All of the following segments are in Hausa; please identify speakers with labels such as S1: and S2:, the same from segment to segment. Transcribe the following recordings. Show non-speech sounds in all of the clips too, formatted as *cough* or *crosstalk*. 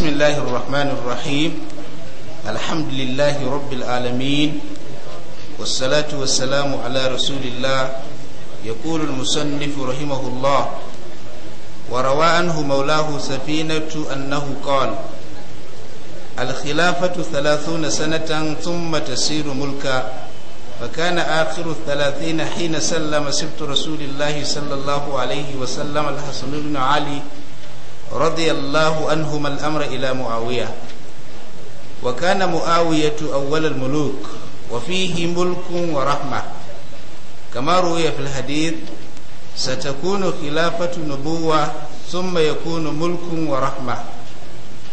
S1: بسم الله الرحمن الرحيم الحمد لله رب العالمين والصلاة والسلام على رسول الله يقول المصنف رحمه الله وروى عنه مولاه سفينة أنه قال الخلافة ثلاثون سنة ثم تسير ملكا فكان آخر الثلاثين حين سلم سبت رسول الله صلى الله عليه وسلم الحسن بن علي رضي الله عنهما الأمر إلى معاوية وكان معاوية أول الملوك وفيه ملك ورحمة كما روي في الحديث ستكون خلافة نبوة ثم يكون ملك ورحمة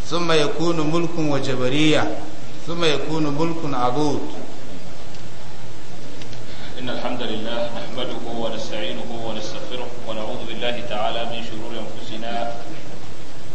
S1: ثم يكون ملك وجبرية ثم يكون ملك عضوض إن الحمد لله نحمده ونستعينه ونستغفره ونعوذ بالله تعالى من شرور أنفسنا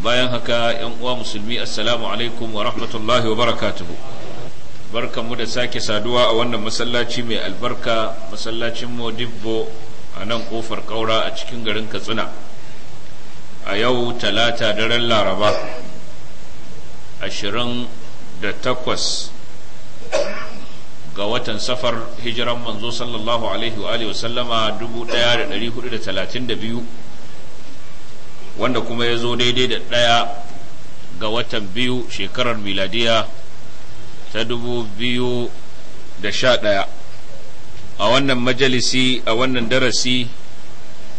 S1: bayan haka yan uwa musulmi assalamu alaikum wa rahmatullahi wa barakatuhu barkanmu da sake saduwa a wannan masallaci mai albarka masallacin modibbo a nan kofar kaura a cikin garin katsina a yau talata daren laraba ashirin da takwas ga watan safar hijiran manzo sallallahu alaihi wa sallama 1432 wanda kuma ya zo daidai da ɗaya ga watan biyu shekarar miladiya ta dubu biyu da sha ɗaya a wannan majalisi a wannan darasi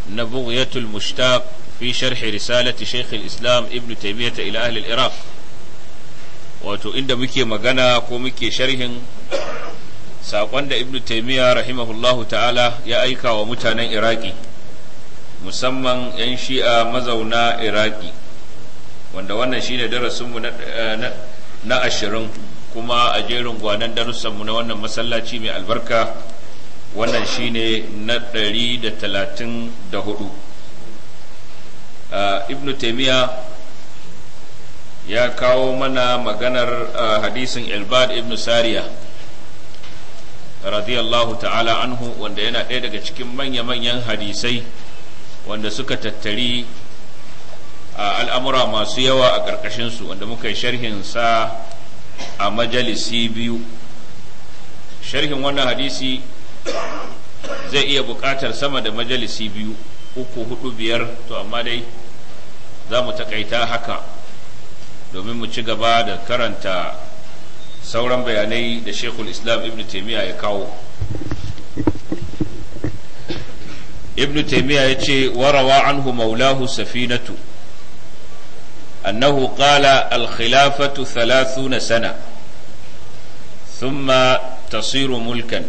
S1: na bugyatul mushtaq fi sharhi risalati shaykh islam ibn taymiyyah ila ahli al-iraq wato inda muke magana ko muke sharhin saƙon da ibn taymiyyah rahimahullahu ta'ala ya aika wa mutanen iraki musamman 'yan shi'a mazauna iraki wanda wannan shine darasinmu na eh, ashirin kuma a jerin gwanan darussanmu na wannan masallaci mai albarka wannan shine na 134 eh, ibn taimiyya ya kawo mana maganar eh, hadisin ilbad ibn sariya radiyallahu ta'ala anhu wanda yana ɗaya daga cikin manya-manyan hadisai wanda suka tattari a al'amura masu yawa a ƙarƙashinsu wanda muka yi sharhin sa a majalisi biyu sharhin wannan hadisi zai iya buƙatar sama da majalisi biyu uku hudu biyar to amma dai za mu taƙaita haka domin mu ci gaba da karanta sauran bayanai da shekul islam ibn taimiyya ya kawo ibn taymiya yace warawa anhu maulahu safinatu annahu qala al khilafatu 30 sana thumma tasiru mulkan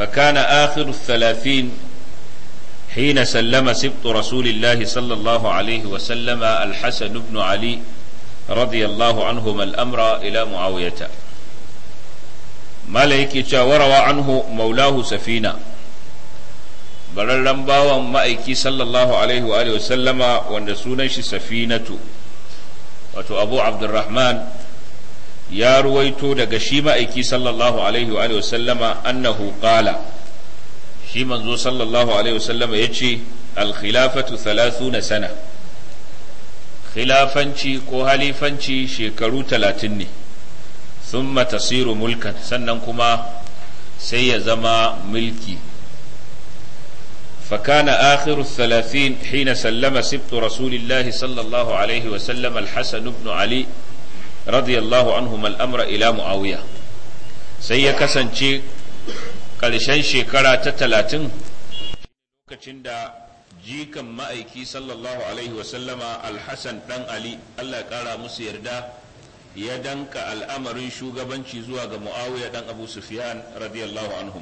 S1: فكان آخر الثلاثين حين سلم سبط رسول الله صلى الله عليه وسلم الحسن بن علي رضي الله عنهما الأمر إلى معاوية ملك وروى عنه مولاه سفينة bararren bawan ma'aiki sallallahu alaihi wa sallama wanda sunan shi safinatu wato abu abdurrahman ya ruwaito daga shi ma'aiki sallallahu alaihi wa sallama annahu qala shi manzo sallallahu alaihi wa sallama yace al-khilafatu 30 sana khilafanci ko halifanci shekaru 30 ne thumma tasiru mulkan sannan kuma sai ya zama mulki فكان آخر الثلاثين حين سلم سبط رسول الله صلى الله عليه وسلم الحسن بن علي رضي الله عنهما الأمر إلى معاوية سيكسن شيء ƙarshen shekara ta talatin lokacin da jikan ma'aiki sallallahu alaihi wasallama alhassan ɗan ali allah ƙara musu yarda ya danka al'amarin shugabanci zuwa ga mu'awiya ɗan abu sufyan radiyallahu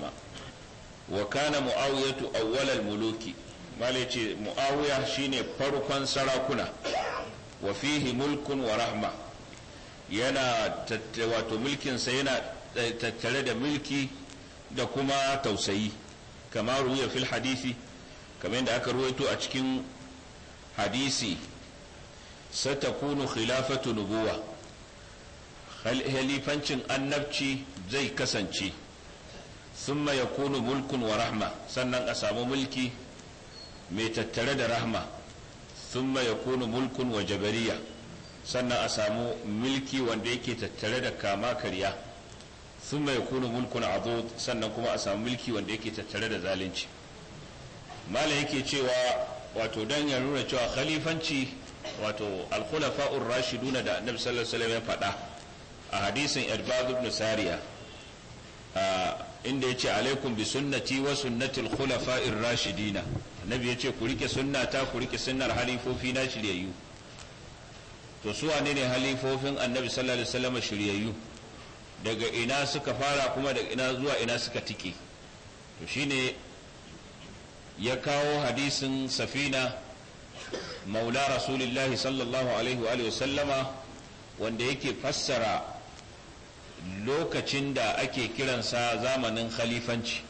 S1: wa kana mu'awiyatu awwalal muluki malai ce mu'awiya shine farkon sarakuna wafihi mulkun wa rahma yana wato mulkinsa yana eh, tattare da mulki da kuma tausayi kama ruwa fil hadisi kamar aka ruwaito a cikin hadisi satakunu khilafatu nubuwa halifancin annabci zai kasance summa kunu mulkun wa rahma sannan a samu mulki mai tattare da rahma summa kunu mulkun wa jabariya sannan a samu mulki wanda yake tattare da kama karya summa kunu mulkun adud sannan kuma a samu mulki wanda yake tattare da zalunci mala yake cewa wato dan ya nuna cewa khalifanci wato al-khulafa'ur rashiduna da annabi sallallahu alaihi wasallam ya faɗa a hadisin irbad ibn sariya inda yace alaikum bi sunnati wa sunnati al-khulafa'ir rashidina annabi yace ku rike sunnata ku rike sunnar halifofi na shiryayyu to su wane ne halifofin annabi sallallahu alaihi wasallam shiryayyu daga ina suka fara kuma daga ina zuwa ina suka tike to shine ya kawo hadisin safina maula rasulillahi sallallahu alaihi wa sallama wanda yake fassara lokacin da ake kiransa zamanin khalifanci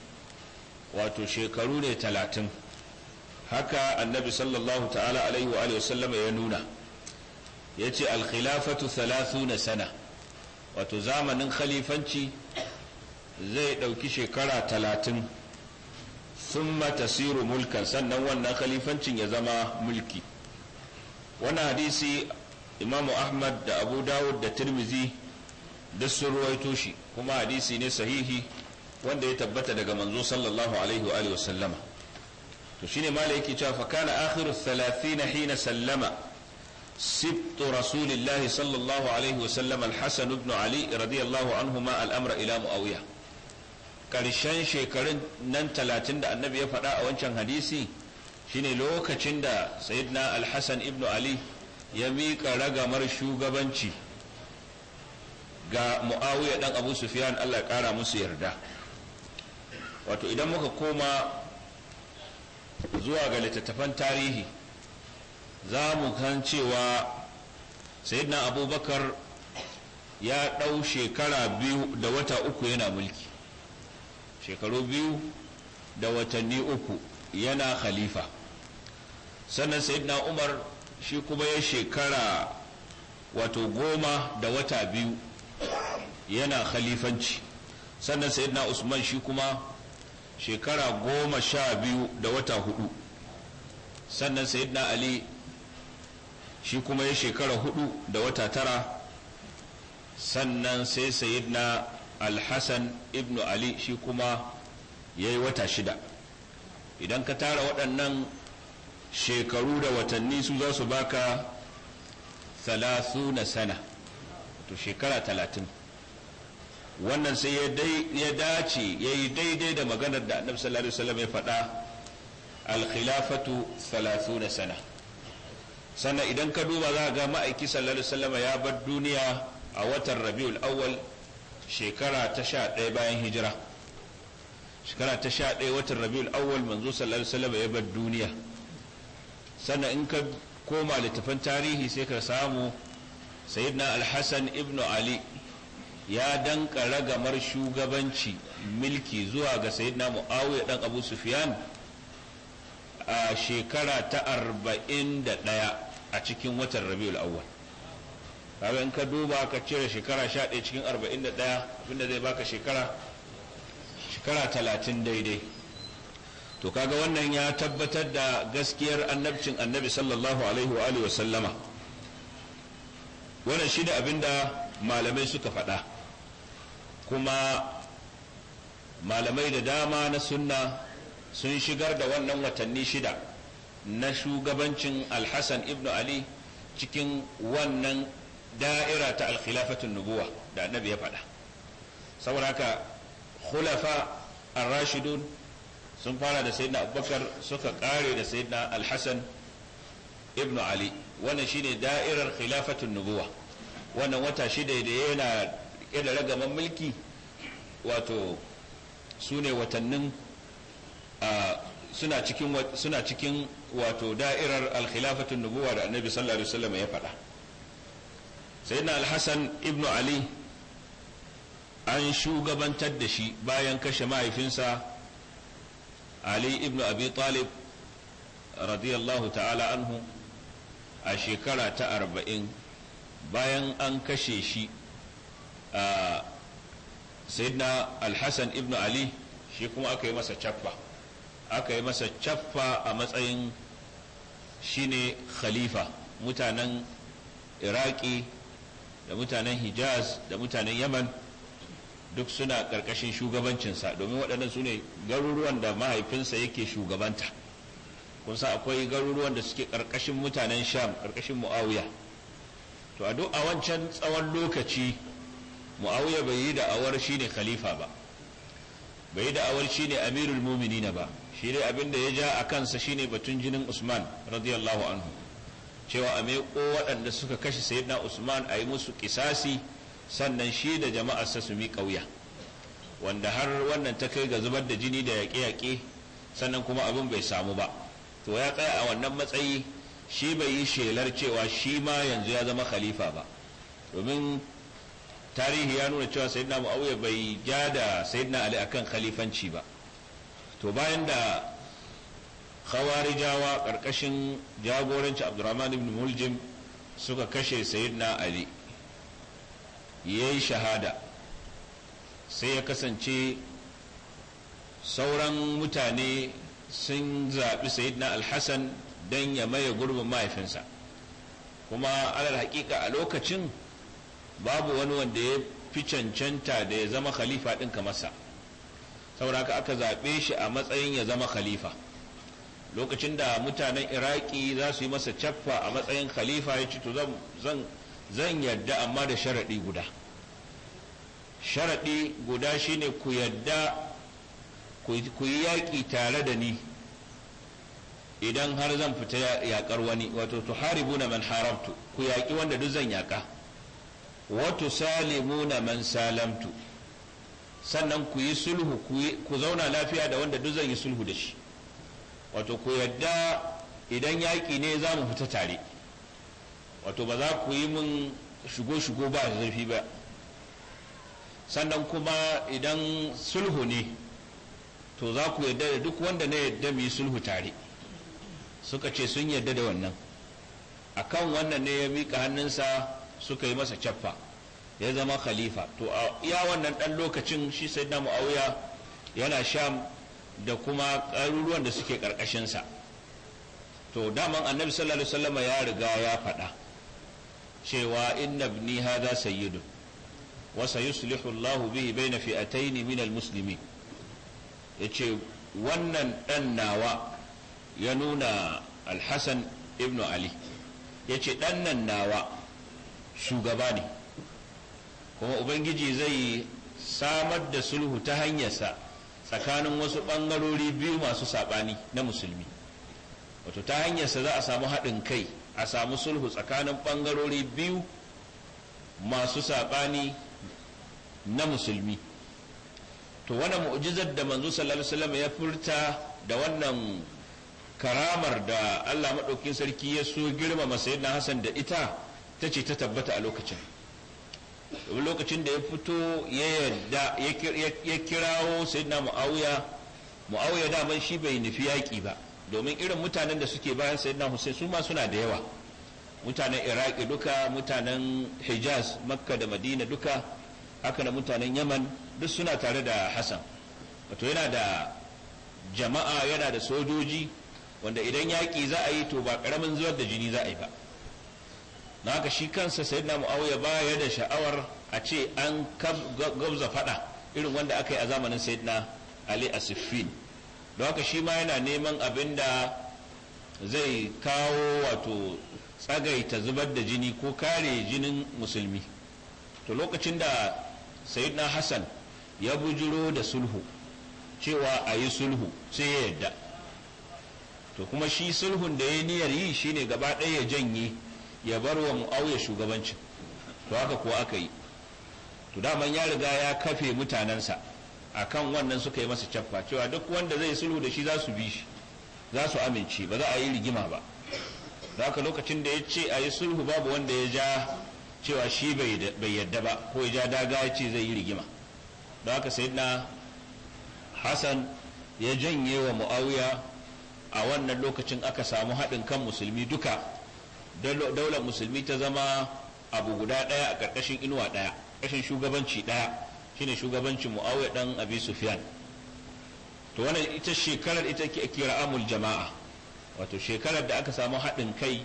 S1: wato shekaru ne talatin haka annabi sallallahu ta'ala alaihi wa sallama ya nuna ya ce alkhilafatu na sana wato zamanin khalifanci zai ɗauki shekara talatin sun tasiru mulkan sannan wannan khalifancin ya zama mulki Wani hadisi imamu ahmad da abu dawud da tirmizi duk sun ruwaito shi kuma hadisi ne sahihi wanda ya tabbata daga manzo sallallahu alaihi wa alihi to shine mala yake cewa fa kana akhiru 30 hina sallama sibtu رسول sallallahu alaihi wa عليه وسلم الحسن ali radiyallahu anhuma al'amra ila الأمر karshen shekarun nan talatin da annabi ya faɗa a wancan hadisi shine lokacin da sayyidina alhassan ibnu ali ya miƙa ragamar shugabanci ga muawiya dan abu sufiyan Allah ya kara musu yarda wato idan muka koma zuwa ga littattafan tarihi za mu kan cewa sayyidina abubakar ya ɗau shekara biyu da wata uku yana mulki shekaru biyu da watanni uku yana khalifa sannan sayyidina umar shi kuma ya shekara wato goma da wata biyu yana khalifanci sannan na usman shi kuma shekara goma sha biyu da wata hudu sannan sayyidina ali shi kuma ya shekara hudu da wata tara sannan sai sayyidina alhassan ibnu ali shi kuma ya yi wata shida idan ka tara waɗannan shekaru da watanni su za su baka 30 sana to shekara talatin wannan sai ya dace ya yi daidai da maganar da annabi sallallahu alaihi wasallam ya faɗa alkhilafatu thalathuna sana sannan idan ka duba za a ga ma'aiki sallallahu alaihi wasallam ya bar duniya a watan rabiul awwal shekara ta sha ɗaya bayan hijira shekara ta sha ɗaya watan rabiul awwal manzo sallallahu alaihi wasallam ya bar duniya sannan in ka koma littafin tarihi sai ka samu sayyidina al-hasan ibnu ali ya danka gamar shugabanci milki zuwa ga sayyidina muawiya dan abu sufyan a shekara ta arba'in da ɗaya a cikin watan rabiul awwal kaga in ka duba ka cire shekara sha ɗaya cikin arba'in da ɗaya abinda zai baka shekara shekara talatin daidai to kaga wannan ya tabbatar da gaskiyar annabcin annabi sallallahu alaihi wa sallama wannan shine abinda malamai suka faɗa kuma malamai da dama na sunna sun shigar da wannan watanni shida na shugabancin alhassan ibn ali cikin wannan da'ira ta alkhilafatun nubuwa da annabi ya faɗa saboda haka khulafa ar-rashidun sun fara da sayyidina abubakar suka kare da sayyidina alhassan ibn ali wannan shine da'irar khilafatun nubuwa wannan wata shida da yana kira ragaman mulki wato su ne watannin suna cikin suna cikin wato da'irar al nubuwa da annabi sallallahu alaihi wasallam ya faɗa sai na alhassan ibnu ali an shugabantar da shi bayan kashe mahaifinsa ali ibnu abi talib radiyallahu ta'ala anhu a shekara ta arba'in bayan an kashe shi a alhassan ibn ali shi kuma aka yi masa caffa aka yi masa caffa a matsayin shine khalifa mutanen iraki da mutanen hijaz da mutanen yaman duk suna ƙarƙashin shugabancinsa domin waɗannan su ne garuruwan da mahaifinsa yake shugabanta kun san akwai garuruwan da suke karkashin mutanen sham karkashin muawiya to a duk a wancan tsawon lokaci muawiya bai yi da'awar ne khalifa ba bai yi da'awar ne amirul muminina ba shi dai abin da ya ja a kansa shi ne batun jinin usman radiyallahu anhu cewa a meko waɗanda suka kashe sayyidina usman a yi musu kisasi sannan shi da jama'arsa su mi ƙauya wanda har wannan ta kai ga zubar da jini da yaƙe-yaƙe sannan kuma abin bai samu ba to ya tsaya a wannan matsayi shi bai yi shelar cewa shi ma yanzu ya zama khalifa ba domin tarihi ya nuna cewa sayyidina muawiya bai ja da sayyidina ali akan khalifanci ba to bayan da khawarijawa karkashin jagoranci abdurrahman ibn muljim suka kashe sayyidina ali yayi shahada sai ya kasance sauran mutane sun zaɓi na alhassan don ya maye gurbin mahaifinsa kuma alal hakika a lokacin babu wani wanda ya fi cancanta da ya zama khalifa ɗin kamarsa saboda haka aka zaɓe shi a matsayin ya zama khalifa lokacin da mutanen iraki za su yi masa caffa a matsayin khalifa ya ce to zan yarda amma da sharaɗi guda sharaɗi guda shine ku yarda ku yi yaƙi tare da ni idan har zan fita yaƙar wani wato tu tuharibuna man haramtu ku yaƙi wanda duk zan yaƙa wato na man salamtu sannan ku yi sulhu ku zauna lafiya da wanda duk zan yi sulhu da shi wato ku yadda idan yaƙi ne za mu fita tare wato ba za ku yi min shigo-shigo ba zafi ba sannan kuma idan sulhu ne to za ku yarda da duk wanda na yarda mu yi sulhu tare suka ce sun yarda da wannan a kan wannan ne ya miƙa hannunsa suka yi masa caffa ya zama khalifa to a iya wannan ɗan lokacin shi sai na mu'awiya yana sham da kuma ƙaruruwan da suke ƙarƙashinsa to daman annabi sallallahu alaihi wasallam ya riga ya faɗa cewa inna ibni hadha sayyidu wa sayuslihu Allahu bihi bayna fi'atayn min al-muslimin ya ce wannan ɗan nawa ya nuna alhassan ibnu ali ya ce ɗannan nawa shugaba ne kuma ubangiji zai samar da sulhu ta hanyarsa tsakanin wasu ɓangarori biyu masu saɓani na musulmi wato ta hanyarsa za a samu haɗin kai a samu sulhu tsakanin ɓangarori biyu masu saɓani na musulmi to wannan mu'jizar da manzo sallallahu alaihi ya furta da wannan karamar da Allah maɗaukin sarki ya so girmama sayyidina Hassan da ita ta ce ta tabbata a lokacin lokacin da ya fito ya kirawo ya kirawo sayyidina Muawiya Muawiya shi bai nufi yaƙi ba domin irin mutanen da suke bayan sayyidina Hussein su ma suna da yawa mutanen Iraki duka mutanen Hijaz Makka da Madina duka haka da mutanen Yaman duk suna tare da Hassan wato yana da jama'a yana da sojoji wanda idan yaƙi za a yi to ba ƙaramin zuwa da jini za a yi ba na haka shi kansa sayyidina ba ya da sha'awar a ce an gabza faɗa irin wanda aka yi a zamanin na ali asiffin don haka shi ma yana neman abin da zai kawo wato tsagaita zubar da jini ko kare jinin musulmi to lokacin da sayyidina hassan ya bujiro da sulhu cewa a yi sulhu sai ya yadda to kuma shi sulhun da ya niyar yi shi ne gaba ɗaya ya janye ya bar wa mu'auya shugabancin to haka kuwa aka yi to daman ya riga ya kafe mutanensa a kan wannan suka yi masa cappa cewa duk wanda zai sulhu da shi za su bi shi za su amince ba za a yi rigima ba haka lokacin da ya ce a yi sulhu babu wanda ya ja cewa shi bai yadda ba ko ya ja daga ya ce zai yi rigima ka haka na Hassan ya janye wa muawiya a wannan lokacin aka samu haɗin kan musulmi duka daular musulmi ta zama abu guda ɗaya a ƙarƙashin inuwa ɗaya ƙarƙashin shugabanci ɗaya shine shugabancin muawiya ɗan abi Sufiyan? to wannan ita shekarar ita ke kira amul jama'a wato shekarar da aka samu haɗin kai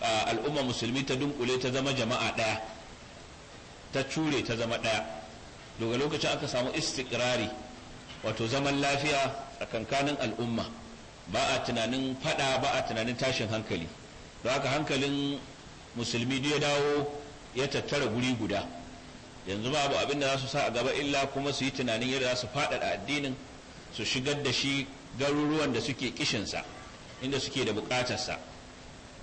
S1: a al'umma musulmi ta dunkule ta zama jama'a ɗaya ta cure ta zama ɗaya daga lokacin aka samu istikrari wato zaman lafiya a kankanin al'umma ba a tunanin fada ba a tunanin tashin hankali don haka hankalin musulmi ya dawo ya tattara guri guda yanzu babu abin da za su sa a gaba illa kuma su yi tunanin yadda za su faɗaɗa addinin su shigar da shi garuruwan da suke kishinsa inda suke da bukatarsa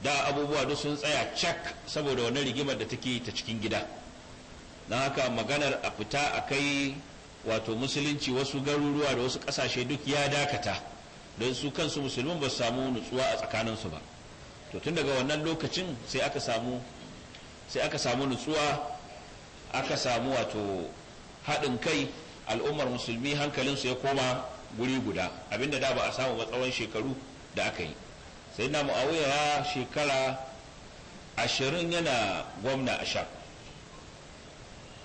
S1: da abubuwa duk sun tsaya cak saboda wani rigimar da take ta cikin gida don haka maganar a fita a kai wato musulunci wasu garuruwa da wasu ƙasashe duk ya dakata don su kansu musulmin ba su samu nutsuwa a tsakaninsu ba to tun daga wannan lokacin sai aka samu sai aka samu nutsuwa aka samu wato haɗin kai al'ummar musulmi hankalinsu ya koma guri guda abinda da ba a samu ba tsawon shekaru da aka yi sai na mu'awiyar shekara ashirin yana gwamna a sham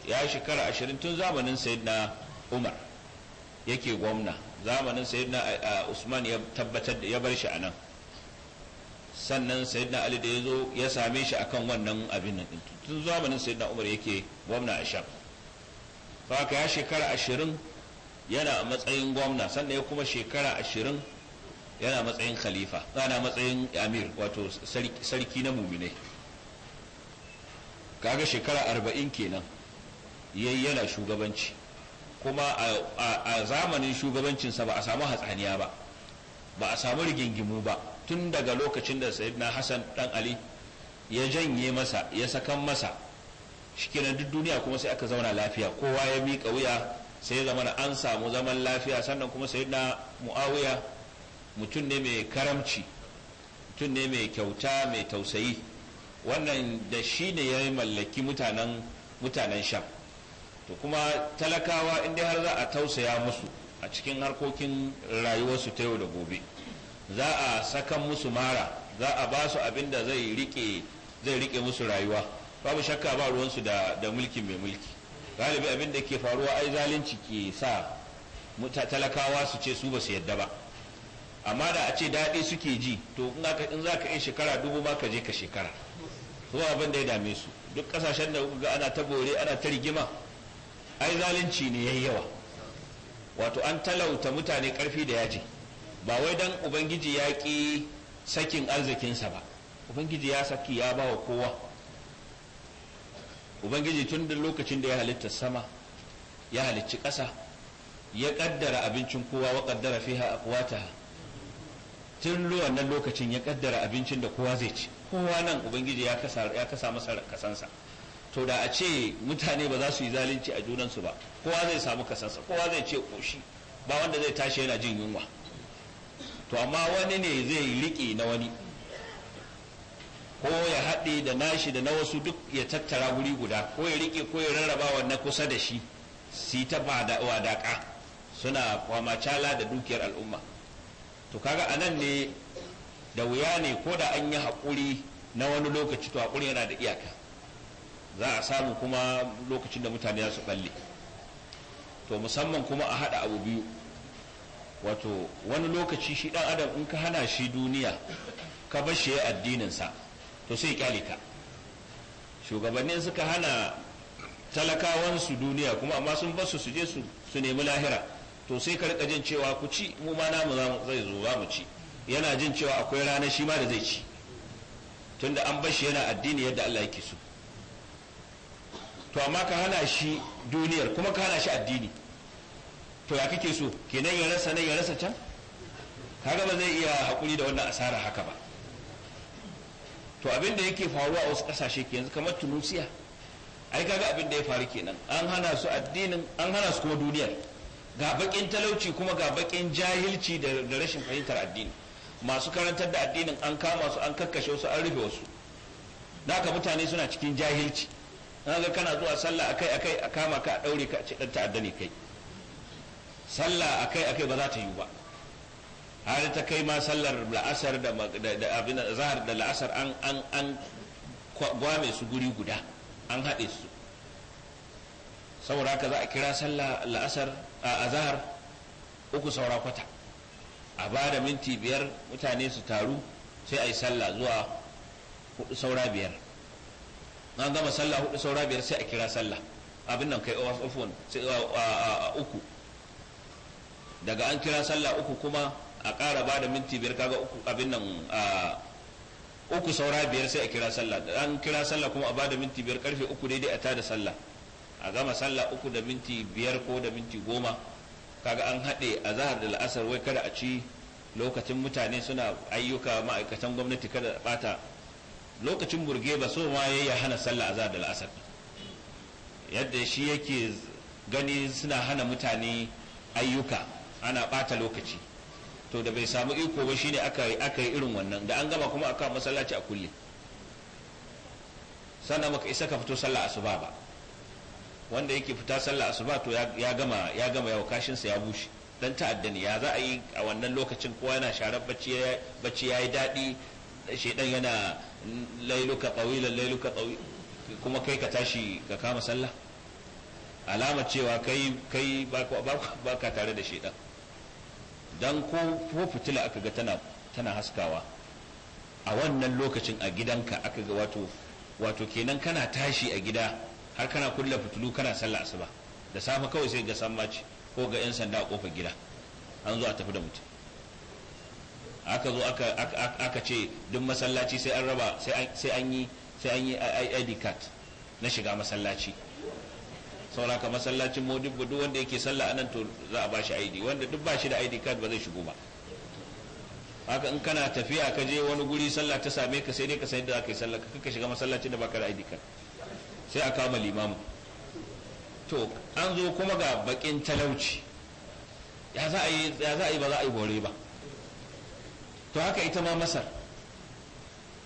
S1: ya shekara ashirin tun zamanin sayyidina umar yake gwamna zamanin sayyidina usman ya tabbatar ya bar shi a nan sannan sayyidina ali da ya zo ya same shi akan wannan abin nan tun zamanin sayyidina umar yake gwamna a sham haka ya shekara ashirin yana a matsayin gwamna sannan ya kuma shekara ashirin yana matsayin khalifa yana matsayin amir wato sarki na muminai kaga shekara arba'in kenan yayi yana shugabanci kuma a zamanin shugabancinsa ba a samu hatsaniya ba ba a samu rigingimu ba tun daga lokacin da sayyidina hassan dan ali ya janye masa ya sakan masa shikenan duk duniya kuma sai aka zauna lafiya kowa ya miƙa wuya sai zama an samu zaman lafiya sannan kuma sayyidina muawiya mutum ne mai karamci mutum ne mai kyauta mai tausayi wannan da shi ne ya mallaki mutanen mutanen sham to kuma talakawa inda har za a tausaya musu a cikin harkokin rayuwarsu ta yau da gobe za a sakan musu mara za a ba su abin da zai rike musu rayuwa babu shakka ba ruwansu da da mulki mai mulki galibi abin da ke faruwa ai zalunci ke sa talakawa su ce su ba su yadda ba amma da a ce daɗi suke ji to in za ka in shekara dubu ma ka je ka shekara zuwa abin da ya dame su duk ƙasashen da ga ana ta bore ana ta rigima ai zalunci ne yayi yawa wato an talauta mutane karfi da yaji ba wai dan ubangiji ya ki sakin arzikinsa ba ubangiji ya saki ya ba wa kowa ubangiji tun da lokacin da ya halitta sama ya halicci ƙasa ya ƙaddara abincin kowa wa ƙaddara fiha aqwataha tun wannan lokacin ya ƙaddara abincin da kowa zai ci kowa nan ubangiji ya kasa ya kasa masa kasansa to da a ce mutane ba za su yi zalunci a junansu ba kowa zai samu kasansa kowa zai ce koshi ba wanda zai tashi yana jin yunwa to amma wani ne zai riƙe na wani ko ya haɗe da nashi da na wasu duk ya tattara wuri guda ko ya rike ko ya rarraba na kusa da shi su ta wadaƙa suna cala da dukiyar al'umma to kaga anan ne da wuya ne ko da an yi haƙuri na wani lokaci to haƙuri yana da iyaka za a samu kuma lokacin da mutane za su balle to musamman kuma a haɗa abu biyu wato wani lokaci shi dan adam in ka hana shi duniya ka bar shi addininsa to sai kyale ka shugabannin suka hana talakawansu duniya kuma amma sun bar su su je su nemi lahira to sai ka rika jin cewa ku ci mu ma namu zai zo za mu ci yana jin cewa akwai rana shi ma da zai ci tunda an bar shi yana addini yadda Allah yake so to amma ka hana shi duniyar kuma ka hana shi addini to ya kake so kenan ya rasa nan ya rasa can kaga ba zai iya hakuri da wannan asara haka ba to abin da yake faruwa a wasu kasashe ke yanzu kamar tunisia ai kaga abin da ya faru kenan an hana su addinin an hana su kuma duniyar ga bakin talauci kuma ga bakin jahilci da rashin fahimtar addini masu karantar da addinin an kama su an kakkashe su an rufe wasu da mutane suna cikin jahilci ga kana zuwa sallah akai akai a kama ka a daure ka a ce dan ta'adda ne kai sallah akai akai ba za ta yi ba har ta kai ma sallar la'asar da abin zahar da la'asar an an an gwame su guri guda an haɗe su saboda haka za a kira sallah la'asar a azhar uku saura kwata a ba da minti biyar mutane su taru sai a yi sallah zuwa saura biyar an gama sallah hudu saura biyar sai a kira sallah abin nan kai a uku daga an kira sallah uku kuma a ƙara ba da minti biyar kaga uku abin nan uku saura biyar sai a kira sallah an kira sallah kuma a ba da minti biyar karfe uku daidai a tada sallah a gama sallah uku da minti biyar ko da minti goma kaga an haɗe a zahar da la'asar wai kada a ci lokacin mutane suna ayyuka ma'aikatan gwamnati kada ɓata. lokacin burge ba so ma ya hana sallah azhar da la'asar yadda shi yake gani suna hana mutane ayyuka ana bata lokaci to da bai samu iko ba shine aka aka yi irin wannan da an gama kuma aka masallaci a kulle sannan baka isa ka fito sallah asuba ba wanda yake fita sallah asuba to ya gama ya gama yawa kashin sa ya bushe dan ta'addani ya za a yi a wannan lokacin kowa yana sharar bacci bacci yayi dadi shedan yana lailuka tawilan lailuka tawil kuma kai ka tashi ka kama sallah alama cewa kai kai ba ka tare da shi dan ko fitila aka ga tana tana haskawa a wannan lokacin a gidanka aka ga wato wato kenan kana tashi a gida har kana kulla fitilu kana sallah asuba da safe kawai sai ga sammaci ko ga yan sanda a kofar gida an zo a tafi da mutum aka zo aka ce duk masallaci sai an raba sai an yi sai an yi ID card na shiga masallaci sauraka masallacin modibbo duk wanda yake sallah anan to za a bashi ID wanda duk bashi da ID card ba zai shigo ba haka in kana tafiya ka je wani guri sallah ta same ka sai dai ka san yadda kai yi sallah ka kaka shiga masallacin da baka da ID card sai a kama limamin to an zo kuma ga bakin talauci ya za a yi ba za a yi bore ba to haka ita ma masar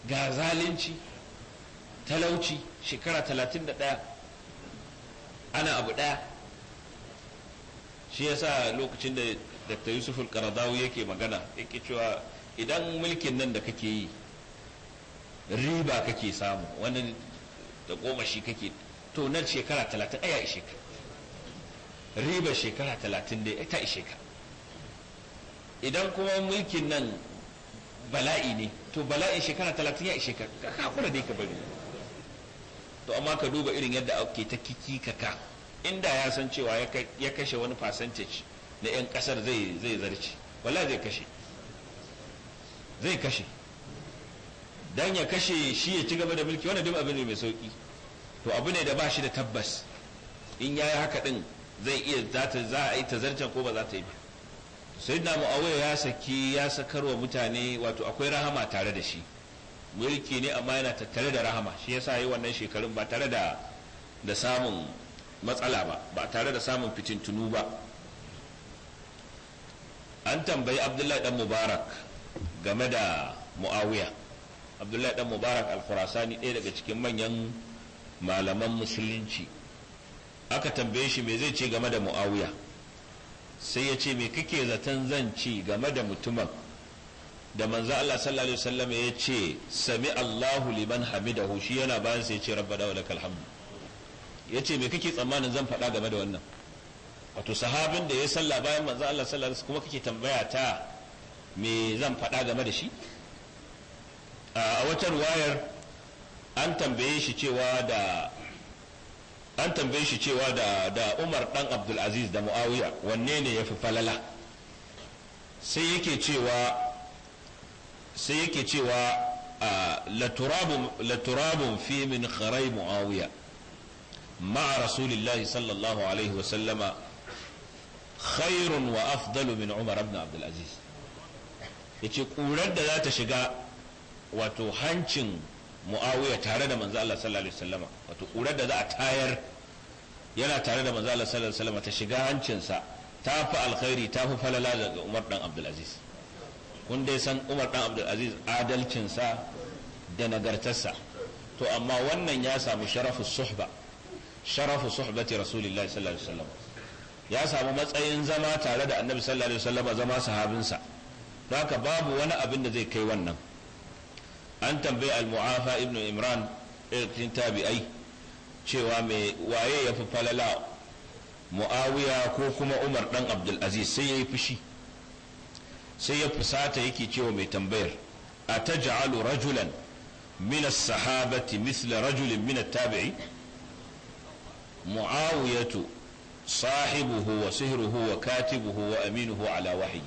S1: ga zalunci talauci shekara talatin da ɗaya ana abu ɗaya shi yasa lokacin da dr yusuf al yake magana yake cewa idan mulkin nan da kake yi riba kake samu wani da goma shi kake to nan shekara talatin aya ishe ka riba shekara talatin dai ta ishe ka idan kuma mulkin nan bala'i ne to bala'in shekara talatin ya ishe ka hakura dai ka bari to amma ka duba irin yadda ake ta kiki kaka inda ya san cewa ya kashe wani percentage na 'yan kasar zai zai zarce wala zai kashe zai kashe dan ya kashe shi ya ci gaba da mulki wannan duk abin ne mai sauki to abu ne da ba shi da tabbas in yayi haka din zai iya za a yi tazarcen ko ba za ta yi ba sayyidina muawiya ya saki ya sakarwa mutane wato akwai rahama tare da shi mulki ne amma yana tattare da rahama shi yasa yi wannan shekarun ba tare da samun matsala ba ba tare da samun fitintunu ba an tambayi abdullahi dan mubarak game da muawiya abdullahi dan mubarak alfarasani ɗaya daga cikin manyan malaman musulunci aka tambaye shi me zai ce game da muawiya sai ya ce me kake zaton zan ci game da mutumin da manzo Allah sallallahu alaihi wasallam ya ce sami Allahu liman hamidahu shi yana bayan sai ya ce rabbana wa lakal hamd ya ce me kake tsammanin zan faɗa game da wannan wato sahabin da ya salla bayan manzo Allah sallallahu alaihi kuma kake tambaya ta me zan faɗa game da shi a wata ruwayar an tambaye shi cewa da an tambaye shi cewa da da Umar dan Abdul Aziz da Muawiya wanne ne yafi falala sai yake cewa sai yake cewa laturabun fi min kharai muawiya ma'a rasulillahi sallallahu alaihi wa sallama khairun wa afdalu min umar ibn abdul aziz yace kurar da za ta shiga wato hancin muawiya tare da manzo Allah sallallahu alaihi wasallama wato kurar da za a tayar yana tare da manzo Allah sallallahu alaihi wasallama ta shiga hancinsa ta fi alkhairi ta fi falala daga Umar dan Abdul Aziz kun dai san Umar dan Abdul Aziz adalcinsa da nagartarsa to amma wannan ya samu sharafu suhba sharafu suhbati rasulillahi sallallahu alaihi wasallam ya samu matsayin zama tare da annabi sallallahu alaihi wasallam zama sahabinsa haka babu wani abin da zai kai wannan an tambayi al-mu'afa ibn imran irin tabi'ai cewa mai waye ya fi falala mu'awiya ko kuma umar dan abdulaziz sai ya yi fushi sai ya fusata yake cewa mai tambayar a ta ja'alu rajulan mina sahabati misla rajulin mina tabi'i mu'awiyatu sahibuhu wa sihruhu wa katibuhu wa aminuhu ala wahyi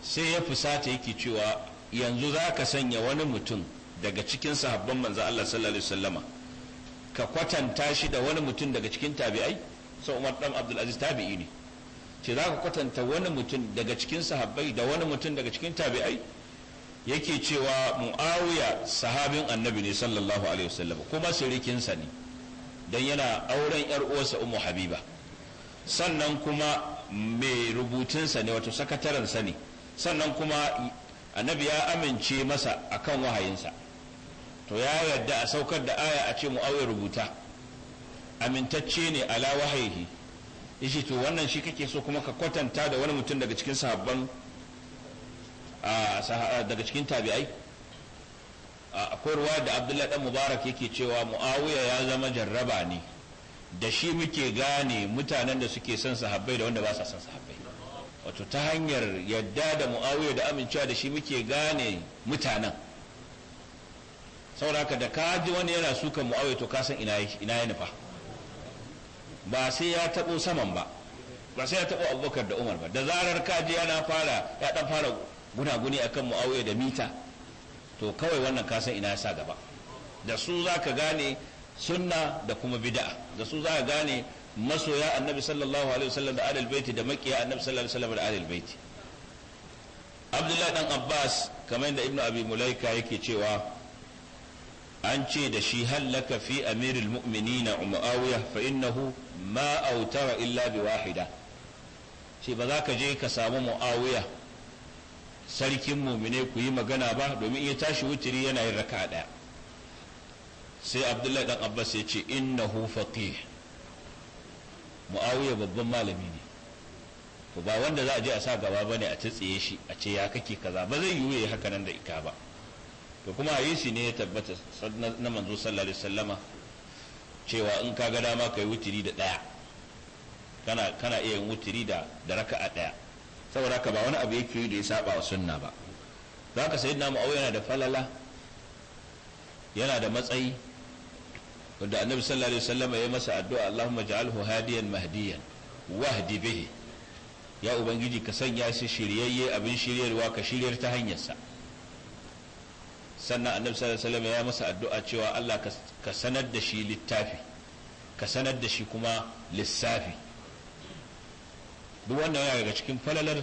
S1: sai ya fusata yake cewa yanzu za ka sanya wani mutum daga cikin sahabban manzo Allah sallallahu alaihi wasallama ka kwatanta shi da wani mutum daga cikin tabi'ai sai Umar dan Abdul Aziz tabi'i ne ce za ka kwatanta wani mutum daga cikin sahabbai da wani mutum daga cikin tabi'ai yake cewa Muawiya sahabin Annabi ne sallallahu alaihi wasallama kuma sirikinsa ne dan yana auren yar uwarsa Ummu Habiba sannan kuma mai rubutunsa ne wato sa ne sannan kuma annabi ya amince masa a kan wahayinsa to ya yarda a saukar da aya a ce mu'awiyar rubuta amintacce ne ala wahayi ishi to wannan shi kake so kuma ka kwatanta da wani mutum daga cikin sahabban daga cikin tabi'ai akwai ruwa da abdullahi dan mubarak yake cewa mu'awiya ya zama jarraba ne da shi muke gane mutanen da suke son sahabbai da wanda ba sa son sahabbai wato ta hanyar yadda da mu'awiyar da amincewa da shi muke gane mutanen sauraka da ka ji wani yana sukan mu'awiyar to kasan ina ya nufa ba sai ya taɓo saman ba ba sai ya taɓo abubakar da umar ba da zarar ka ji yana fara ya ɗan fara gunaguni akan mu'awiyar da mita to kawai wannan kasan ina ya sa gaba da su za ka gane sunna da kuma bida'a da su za ka gane masoya annabi sallallahu alaihi wasallam da alal baiti da makiya annabi sallallahu alaihi wasallam da alal baiti abdullahi dan abbas kamar yadda ibnu abi mulaika yake cewa an ce da shi hallaka fi amiril mu'minina muawiya fa innahu ma autara illa bi wahida ce ba za ka je ka samu muawiya sarkin mumine ku yi magana ba domin ya tashi wutiri yana yin raka'a daya sai abdullahi dan abbas ya ce innahu faqih muawiya babban malami ne to ba wanda za a je a sa gaba bane a tsitsiye shi a ce ya kake kaza ba zai yiwu yayi haka nan da ika ba to kuma hadisi ne ya tabbata na manzo sallallahu alaihi wasallama cewa in ka ga dama kai wutiri da daya kana kana iya yin wutiri da da raka'a daya saboda haka ba wani abu yake yi da ya saba wa sunna ba zaka sayyidina mu'awiya yana da falala yana da matsayi wanda annabi sallallahu alaihi wasallam ya masa addu'a Allahumma ja'alhu hadiyan mahdiyan wahdi bihi ya ubangiji ka sanya shi shiryayye abin shiryarwa ka shiryar ta hanyarsa sannan annabi sallallahu alaihi wasallam ya masa addu'a cewa Allah ka sanar da shi littafi ka sanar da shi kuma lissafi duk wannan ya daga cikin falalar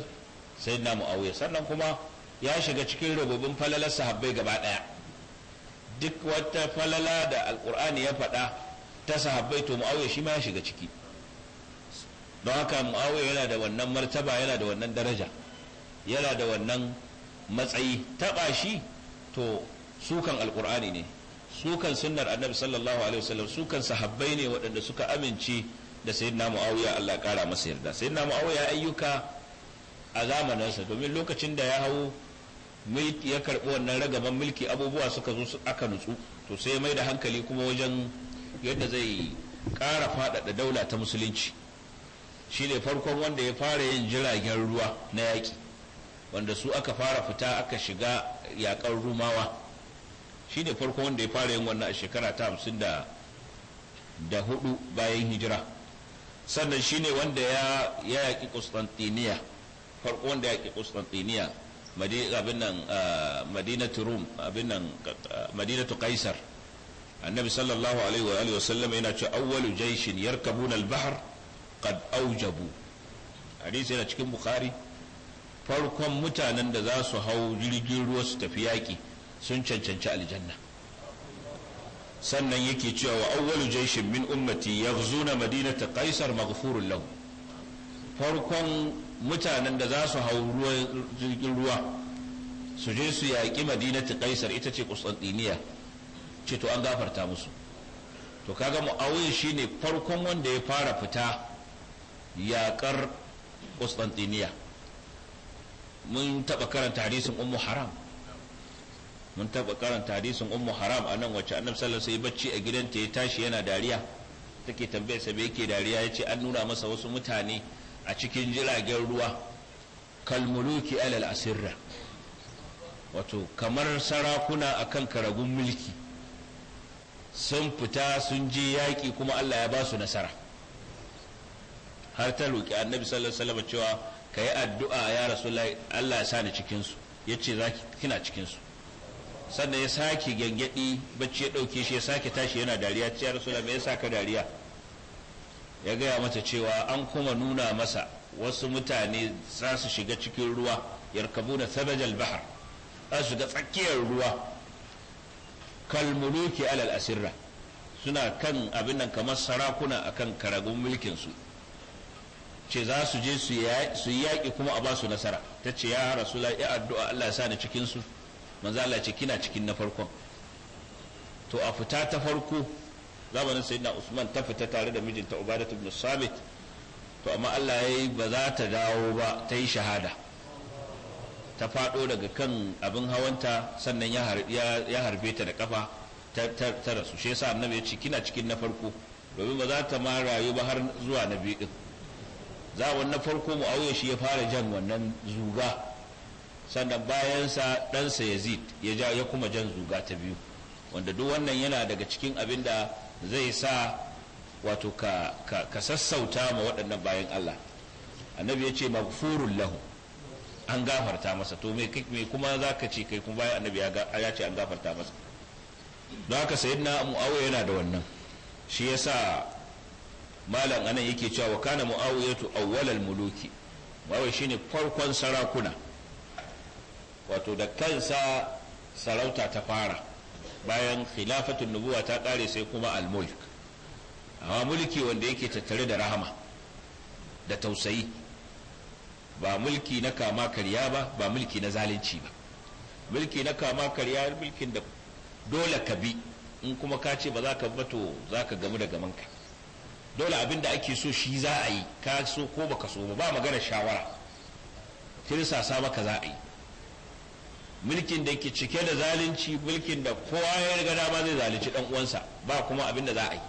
S1: sayyidina muawiya sannan kuma ya shiga cikin rububin falalar sahabbai gaba daya duk wata falala da alkur'ani ya faɗa ta sahabbai to mu'awiya shi ma ya shiga ciki don haka mu'awiya yana da wannan martaba yana da wannan daraja yana da wannan matsayi taɓa shi to sukan alkur'ani ne sukan sunnar annabi sallallahu alaihi wasallam sukan sahabbai ne waɗanda suka amince da sayyidina mu'awiya Allah ƙara kara masa yarda sayyidina mu'awiya ayyuka a zamaninsa domin lokacin da ya hawo ya karɓi wannan ragaban mulki abubuwa suka zo aka nutsu to sai ya mai da hankali kuma wajen yadda zai ƙara faɗaɗa daula ta musulunci shi ne farkon wanda ya fara yin jiragen ruwa na yaƙi wanda su aka fara fita aka shiga yaƙar rumawa shi ne farkon wanda ya fara yin wannan a shekara ta hamsin da da hudu bayan hijira sannan shi ne wanda ya yaƙi kustantiniya farko wanda ya yaƙi kustantiniya. abin nan ah, madinatu rum abin nan ah, annabi sallallahu alaihi wa alihi yana ce awwalu jaishin yarkabuna al-bahr qad aujabu hadisi yana cikin bukhari farkon mutanen da za su hau jirgin ruwa su tafi yaƙi sun cancanci aljanna sannan yake cewa wa awwalu jaishin min ummati yaghzuna madinata kaisar maghfurun lahu farkon mutanen da za su hau jirgin ruwa su je su yaƙi Madinati kaisar ita ce kusantiniya ce to an gafarta musu to kaga shi ne farkon wanda ya fara fita yaƙar kusantiniya mun taɓa karanta hadisin ummu haram mun taɓa karanta hadisin ummu haram a nan wacce annabi sallallahu alaihi bacci a gidanta ya tashi yana dariya take tambayar me yake dariya ce an nuna masa wasu mutane a cikin jiragen ruwa kalmuluki alal asirra wato kamar sarakuna a kan karagun mulki sun fita sun je yaƙi kuma Allah ya ba su nasara har ta roƙi annabi sallallahu alaihi cewa ka yi addu'a ya rasulullahi Allah ya sa ni cikinsu ya ce za kina cikinsu sannan ya sake gyangyaɗi bacci ya ɗauke shi ya sake tashi yana dariya ce ya rasulullahi me sa ka dariya ya gaya mata cewa an kuma nuna masa wasu mutane za su shiga cikin ruwa na sabajal bahar za su shiga tsakiyar ruwa kalmuluki alal asirra suna kan abin nan kamar sarakuna akan karagun mulkin su ce za su je su yi yaƙi kuma a ba su nasara ta ce ya rasula ya addu'a Allah ya sa ni cikin su manzo Allah ce kina cikin na farkon to a fita ta farko zamanin na usman ta fita tare da mijinta ubadatu bin sabit to amma Allah ya yi ba za ta dawo ba ta yi shahada ta faɗo daga kan abin hawanta sannan ya harbe ta da kafa ta rasu shi yasa annabi ya ce kina cikin na farko domin ba za ta ma rayu ba har zuwa na biyu din za na farko mu auye shi ya fara jan wannan zuga sannan bayansa ɗansa yazid ya ja ya kuma jan zuga ta biyu wanda duk wannan yana daga cikin abin da zai sa wato ka, sassauta ma waɗannan bayan Allah annabi ya ce mafurun lahu an gafarta masa to me kuma za ka ce kai kuma bayan annabi ya ce an gafarta masa don haka na mu'awiya yana da wannan shi ya sa malam anan yake cewa wa kana mu'awiyatu awwalal muluki shi shine farkon sarakuna wato da kansa sarauta ta fara bayan khilafatun nubuwa ta kare sai kuma al-mulk amma mulki wanda yake tattare da rahama da tausayi ba mulki na kama karya ba ba mulki na zalunci ba mulki na kama karya mulkin da dole ka bi in kuma ka ce ba za ka bato za ka gamu da gamanka dole abin da ake so shi za a yi ka so ko baka so ba ba magana shawara tirsasa maka za a yi mulkin da ke cike da zalunci mulkin da kowa ya riga dama zai zalunci dan uwansa ba kuma abin da za a yi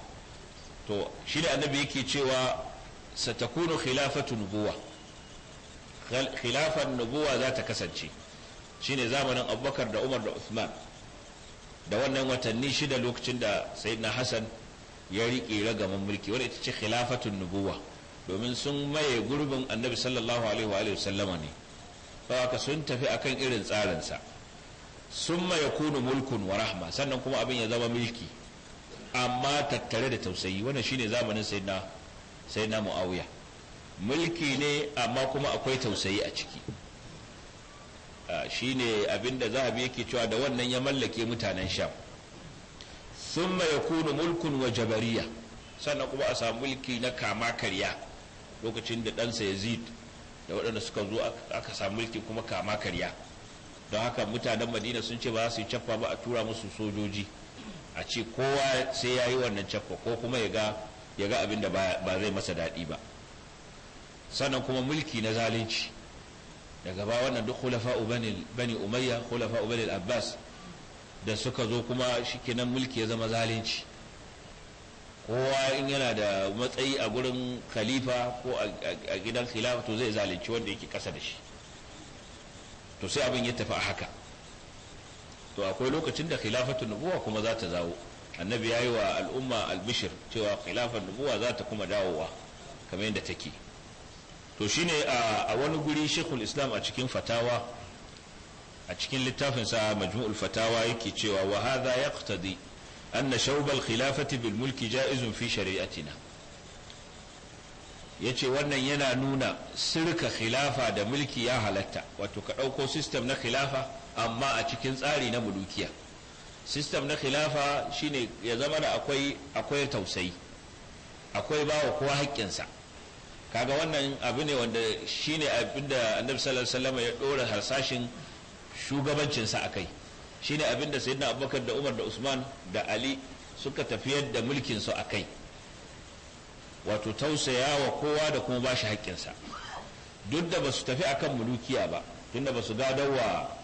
S1: to shi da annabi yake cewa satakunu khilafatu nubuwa khilafan nubuwa za ta kasance shine zamanin abubakar da umar da uthman da wannan watanni shida lokacin da sayyidina hasan ya riƙe ragaman mulki wanda ita ce khilafatun nubuwa domin sun maye gurbin annabi sallallahu alaihi wa sallama ne haka sun tafi akan irin tsarinsa summa yakunu mulkun wa rahma sannan kuma abin ya zama milki amma tattare da tausayi wannan shine zamanin sayyidina sayyidina muawiya mulki ne amma kuma akwai tausayi a ciki shine abin da zahabi yake cewa da wannan ya mallake mutanen sham summa yakunu mulkun wa jabariya sannan kuma a samu mulki na kama karya lokacin da ɗansa yazid da waɗanda suka zo aka samu mulki kuma kama karya don haka mutanen madina sun ce ba su yi caffa ba a tura musu sojoji a ce kowa sai ya yi wannan caffa ko kuma ya ga abin da ba zai masa daɗi ba sannan kuma mulki na zalunci daga ba wannan duk khulafa bani umayya khulafa bani abbas da suka zo kuma shikenan mulki ya zama zalunci kowa in yana da matsayi a gurin khalifa ko a gidan khilafa to zai zalunci wanda yake kasa da shi to sai abin ya tafi a haka to akwai lokacin da khilafatun nubuwa kuma za ta zawo annabi ya yi wa al'umma albishir cewa khilafar nubuwa za ta kuma dawowa kamar yadda take to shine a wani guri shekul islam a cikin fatawa a cikin littafinsa majmu'ul fatawa yake cewa wa hadha yaqtadi anna shaubal khilafati bil mulki ja'izun fi shari'atina yace wannan yana nuna sirka khilafa da mulki ya halatta wato ka ɗauko system na khilafa amma a cikin tsari na mulukiya system na khilafa shine ya zama da akwai akwai tausayi akwai bawa kowa haƙƙinsa kaga wannan abu ne wanda shine abinda annabi sallallahu alaihi wasallam ya ɗora harsashin shugabancinsa akai shine abinda sayyidina abubakar da umar da usman da ali suka tafiyar da mulkin su akai wato tausaya wa kowa da kuma ba shi haƙƙinsa duk da ba su tafi akan mulukiya ba da ba su gadawa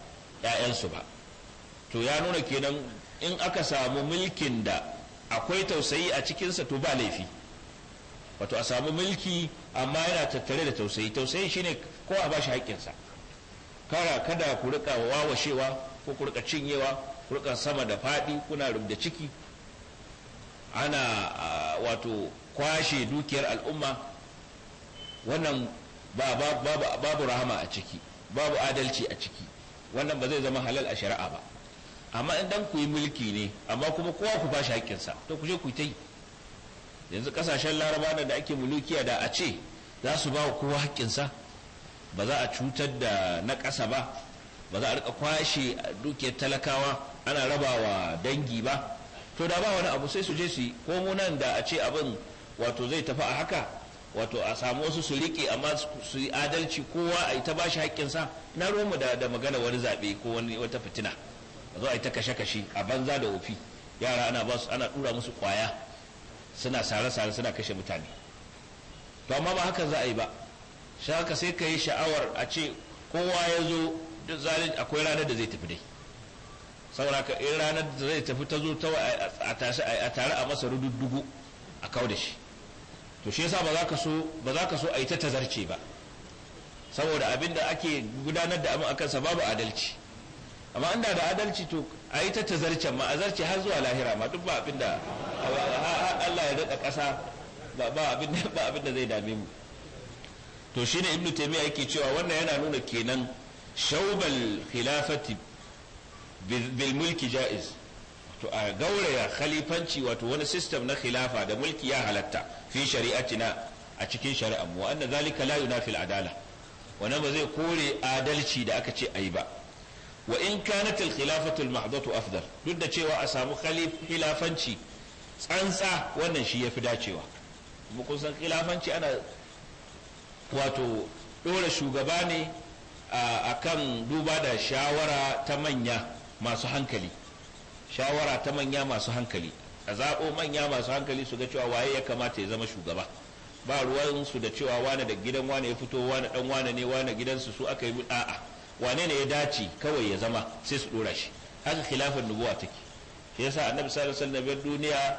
S1: ‘ya'yansu ba to ya nuna kenan in aka samu mulkin da akwai tausayi a cikinsa to ba laifi wato a samu mulki amma yana tattare da tausayi tausayi shine kowa ba shi haƙƙinsa kara kada ku riƙa wawashewa ko ku cinyewa ku sama da faɗi kuna rubda ciki ana wato kwashe dukiyar al'umma wannan babu rahama a ciki babu adalci a ciki wannan ba zai zama halal a shari'a ba amma in dan ku yi mulki ne amma kuma kowa ku bashi haƙƙinsa to ku je ku ta yi yanzu ƙasashen laraba da ake mulukiya da a ce za su ba wa kowa haƙƙinsa ba za a cutar da na ƙasa ba ba za a rika kwashe dukiyar talakawa ana rabawa dangi ba to da ba wani abu sai su je su yi ko mu nan da a ce abin wato zai tafi a haka wato a samu wasu su riƙe amma su yi adalci kowa a yi ta bashi haƙƙinsa na ruwanmu da, da magana wani zaɓe ko wani wata fitina a zo a yi ta kashe-kashe a banza da ofi yara ana ba su ana ɗura musu kwaya suna sare-sare suna kashe mutane to amma ba haka za a yi ba shi haka sai ka yi sha'awar a ce kowa ya zo duk zalin akwai ranar da zai tafi dai saboda ka in ranar da zai tafi ta zo ta a tashi a tare a masa rududdugu a kawo da shi to shi yasa ba za ka so ba za ka so a yi ta tazarce ba saboda abin da ake gudanar da abin akan sa babu adalci amma inda da adalci to a yi ta tazarcen ma a zarce har zuwa lahira ma duk ba abin da Allah ya daɗa ƙasa ba abin da zai dame mu to shine ibnu taymiya yake cewa wannan yana nuna kenan shaubal khilafati bil mulki ja'iz to a gauraya khalifanci wato wani system na khilafa da mulki ya halatta fi shari'atina a cikin shari'ar mu anna zalika la yunafi al adala wannan ba zai kore adalci da aka ce ayi ba wa in kanat al khilafatu al mahdatu afdal duk da cewa a samu khilafanci tsantsa wannan shi yafi dacewa mu kun san khilafanci ana wato dora shugaba ne A kan duba da shawara ta manya masu hankali shawara ta manya masu hankali a zaɓo manya masu hankali su ga cewa waye ya kamata ya zama shugaba ba ruwan su da cewa wane da gidan wane ya fito wane dan wane ne wane gidansu su aka yi a'a wane ne ya dace kawai ya zama sai su dora shi haka khilafin nubuwa take shi yasa annabi sallallahu alaihi wasallam duniya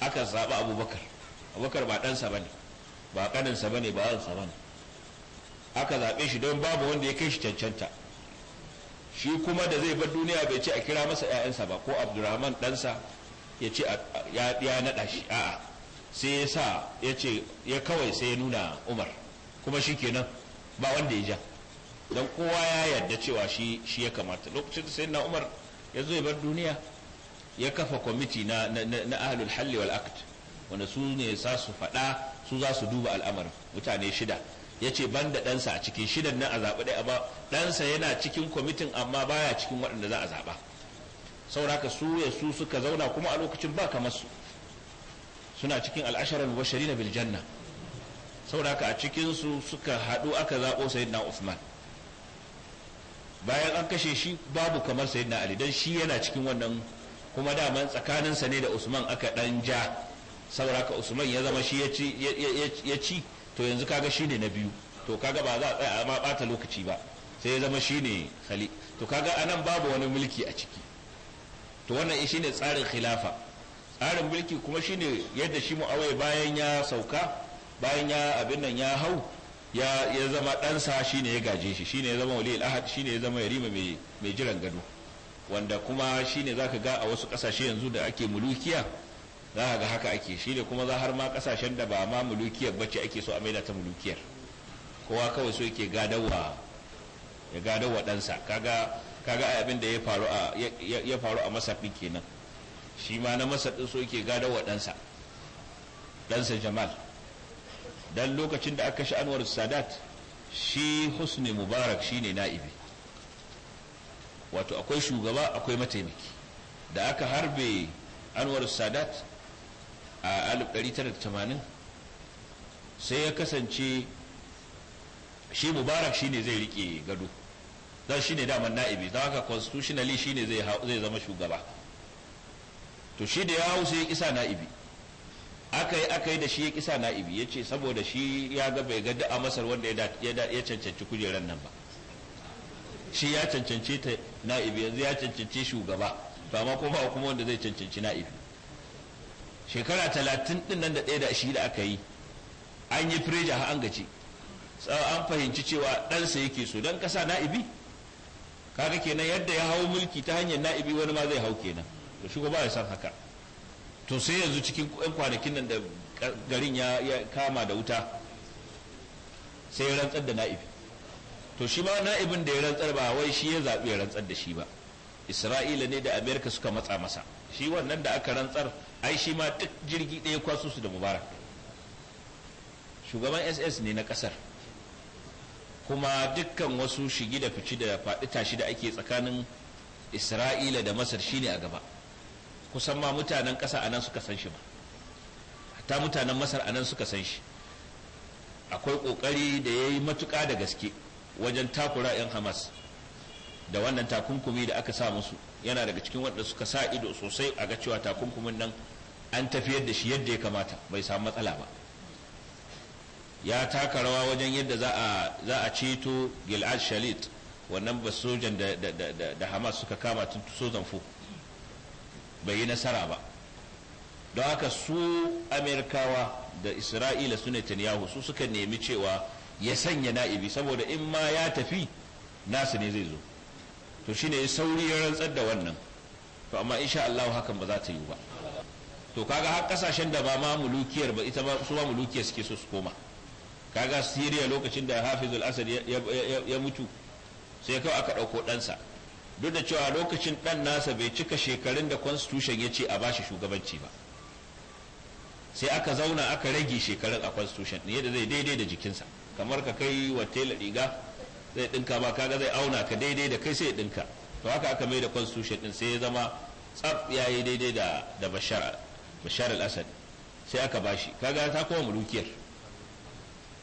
S1: aka zaba abubakar abubakar ba ɗansa bane ba sa bane ba sa bane aka zaɓe shi don babu wanda ya kai shi cancanta shi kuma da zai bar duniya bai ce a kira masa 'ya'yansa ba ko abdurrahman ɗansa ya ce ya naɗa shi a'a sai ya sa ya ce ya kawai sai ya nuna umar kuma shi kenan ba wanda ya ja don kowa ya yarda cewa shi ya kamata lokacin da sai na umar ya zo ya bar duniya ya kafa kwamiti na na ahlul halli wal akt wanda su ne za su faɗa su za su duba al'amarin mutane shida ya ce ban da ɗansa a cikin shidan nan a zaɓi ɗaya ba ɗansa yana cikin kwamitin amma baya cikin waɗanda za a zaɓa sauraka su ya su suka zauna kuma a lokacin ba kamar su suna cikin al'asharar washari na biljanna sauraka a cikin suka haɗu aka zaɓo na usman bayan an kashe shi babu kamar na ali don shi yana cikin wannan kuma daman tsakaninsa ne da usman aka ɗan ja sauraka usman ya zama shi ya ci to yanzu kaga shine na biyu to kaga ba za a tsaya ma bata lokaci ba sai ya zama shine khali to kaga anan babu wani mulki a ciki to wannan eh shine tsarin khilafa tsarin mulki kuma shine yadda shi mu'awai bayan ya sauka bayan ya abin nan ya hau ya ya zama ɗansa shine ya gaje shi shine ya zama wali al ahad shine ya zama yarima mai mai jiran gado wanda kuma shine zaka ga a wasu kasashe yanzu da ake mulukiya za a ga haka ake shi ne kuma za har ma kasashen da ba ma mulukiyar bacci ake so a maida ta mulukiyar kowa kawai so yake gadawa ya gadawa ɗansa kaga kaga abin da ya faru a ya faru a masar ɗin kenan shi ma na masar ɗin so yake gadawa ɗansa ɗansa jamal dan lokacin da aka shi anwar sadat shi husni mubarak shine na'ibi wato akwai shugaba akwai mataimaki da aka harbe anwar sadat a 1980 sai ya kasance shi mubarak shine zai rike gado don shine daman na'ibi don haka constitutionally shine zai zama shugaba to shi da ya sai ya kisa na'ibi aka yi aka yi da shi ya kisa na'ibi ya ce saboda shi ya ga bai ga a masar wanda ya cancanci kujerar nan ba shi ya cancanci ta na'ibi yanzu ya cancanci shugaba ba ma kuma kuma wanda zai cancanci na'ibi shekara talatin din nan da ɗaya da shi da aka yi an yi fireja har an gaci an fahimci cewa ɗansa yake so don ƙasa na'ibi kaga kenan yadda ya hau mulki ta hanyar na'ibi wani ma zai hau kenan to shi ba ya san haka to sai yanzu cikin ƴan kwanakin nan da garin ya kama da wuta sai ya rantsar da na'ibi to shi ma na'ibin da ya rantsar ba wai shi ya zaɓi ya rantsar da shi ba isra'ila ne da amerika suka matsa masa shi wannan da aka rantsar ai shi ma duk jirgi ɗaya kwaso su da mubarak shugaban ss ne na ƙasar kuma dukkan wasu shigi da fici da faɗi tashi da ake tsakanin isra'ila da masar shine a gaba kusan ma mutanen ƙasa anan suka san shi ba hatta mutanen masar anan suka san shi akwai ƙoƙari da ya yi matuƙa da gaske wajen takura 'yan hamas da wannan takunkumi da aka sa musu yana daga cikin wanda suka sa ido sosai a ga cewa takunkumin nan an tafiyar da shi yadda ya kamata bai samu matsala ba ya taka rawa wajen yadda za a za a ceto Gilad Shalit wannan ba sojan da da Hamas suka kama tun sojan fu bai yi nasara ba don haka su Amerikawa da Isra'ila su Netanyahu su suka nemi cewa ya sanya na'ibi saboda in ma ya tafi nasu ne zai zo to shine ne sauri ya rantsar da wannan to amma insha Allah hakan ba za ta yi ba to kaga har kasashen da ba ma mulukiyar ba ita ba su ba mulukiyar suke so su koma kaga Syria lokacin da Hafizul Asad ya mutu sai kawai aka dauko ɗansa duk da cewa lokacin ɗan nasa bai cika shekarun da constitution ya ce a bashi shugabanci ba sai aka zauna aka rage shekarun a constitution ne da zai daidai da jikinsa kamar ka kai wa tela diga zai dinka ba kaga zai auna ka daidai da kai sai ɗinka dinka to haka aka mai da constitution din sai ya zama tsaf ya yi daidai da da bashar bashar al-asad sai aka bashi kaga ta koma mulkiyar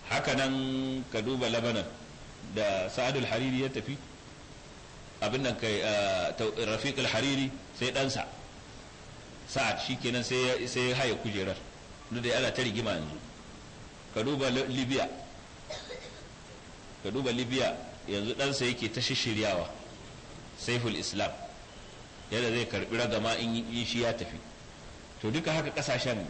S1: haka nan ka duba labanan da sa'adul hariri ya tafi abin nan kai eh, rafiq al-hariri sai ɗansa sa'ad shikenan sai sai haye kujerar duk da ana ta rigima yanzu ka duba libya ka duba libya yanzu ɗansa yake ta shishiryawa saiful islam yadda zai karbi ragama in yi shi ya tafi to duka haka kasashen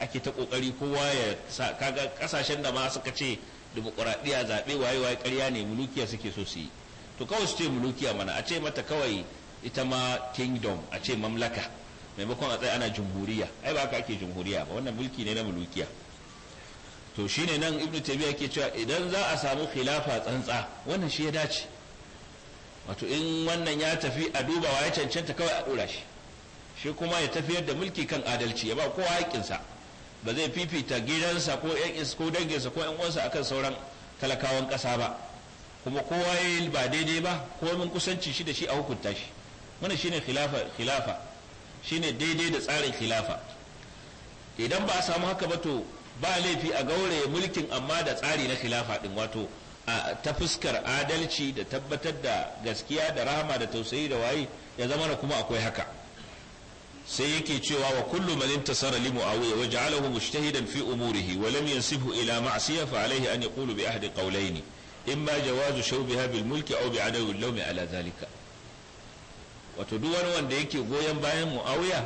S1: ake ta kokari kowa ya kaga kasashen da ma suka ce dimokuraɗiyya zaɓe waye waye ƙarya ne mulukiya suke so su yi to kawai su ce mulukiya mana a ce mata kawai ita ma kingdom a ce mamlaka maimakon a tsaye ana jumhuriya ai ba haka ake jumhuriya ba wannan mulki ne na mulukiya to shine nan ibnu tabiya ke cewa idan za a samu khilafa tsantsa wannan shi ya dace wato in wannan ya tafi a dubawa ya cancanta kawai a dora shi shi kuma ya tafiyar da mulki kan adalci ya ba kowa haƙƙinsa ba zai fifita gidansa ko ƴan ko danginsa ko ƴan uwansa akan sauran talakawan ƙasa ba kuma kowa ya ba daidai ba ko komin kusanci shi da shi a hukunta shi wannan shine khilafa khilafa shine daidai da tsarin khilafa idan ba a samu haka ba to ba laifi a gauraye mulkin amma da tsari na khilafa din wato ta fuskar adalci da tabbatar da gaskiya da rahama da tausayi da waye ya zama na kuma akwai haka sai yake cewa wa kullu man intasara li muawiya wa ja'alahu mujtahidan fi umurihi wa lam yansibhu ila ma'siyah fa alayhi an yaqulu bi ahdi qawlayn imma jawazu shawbiha bil mulki aw bi adawi al ala dhalika wato duk wani wanda yake goyon bayan muawiya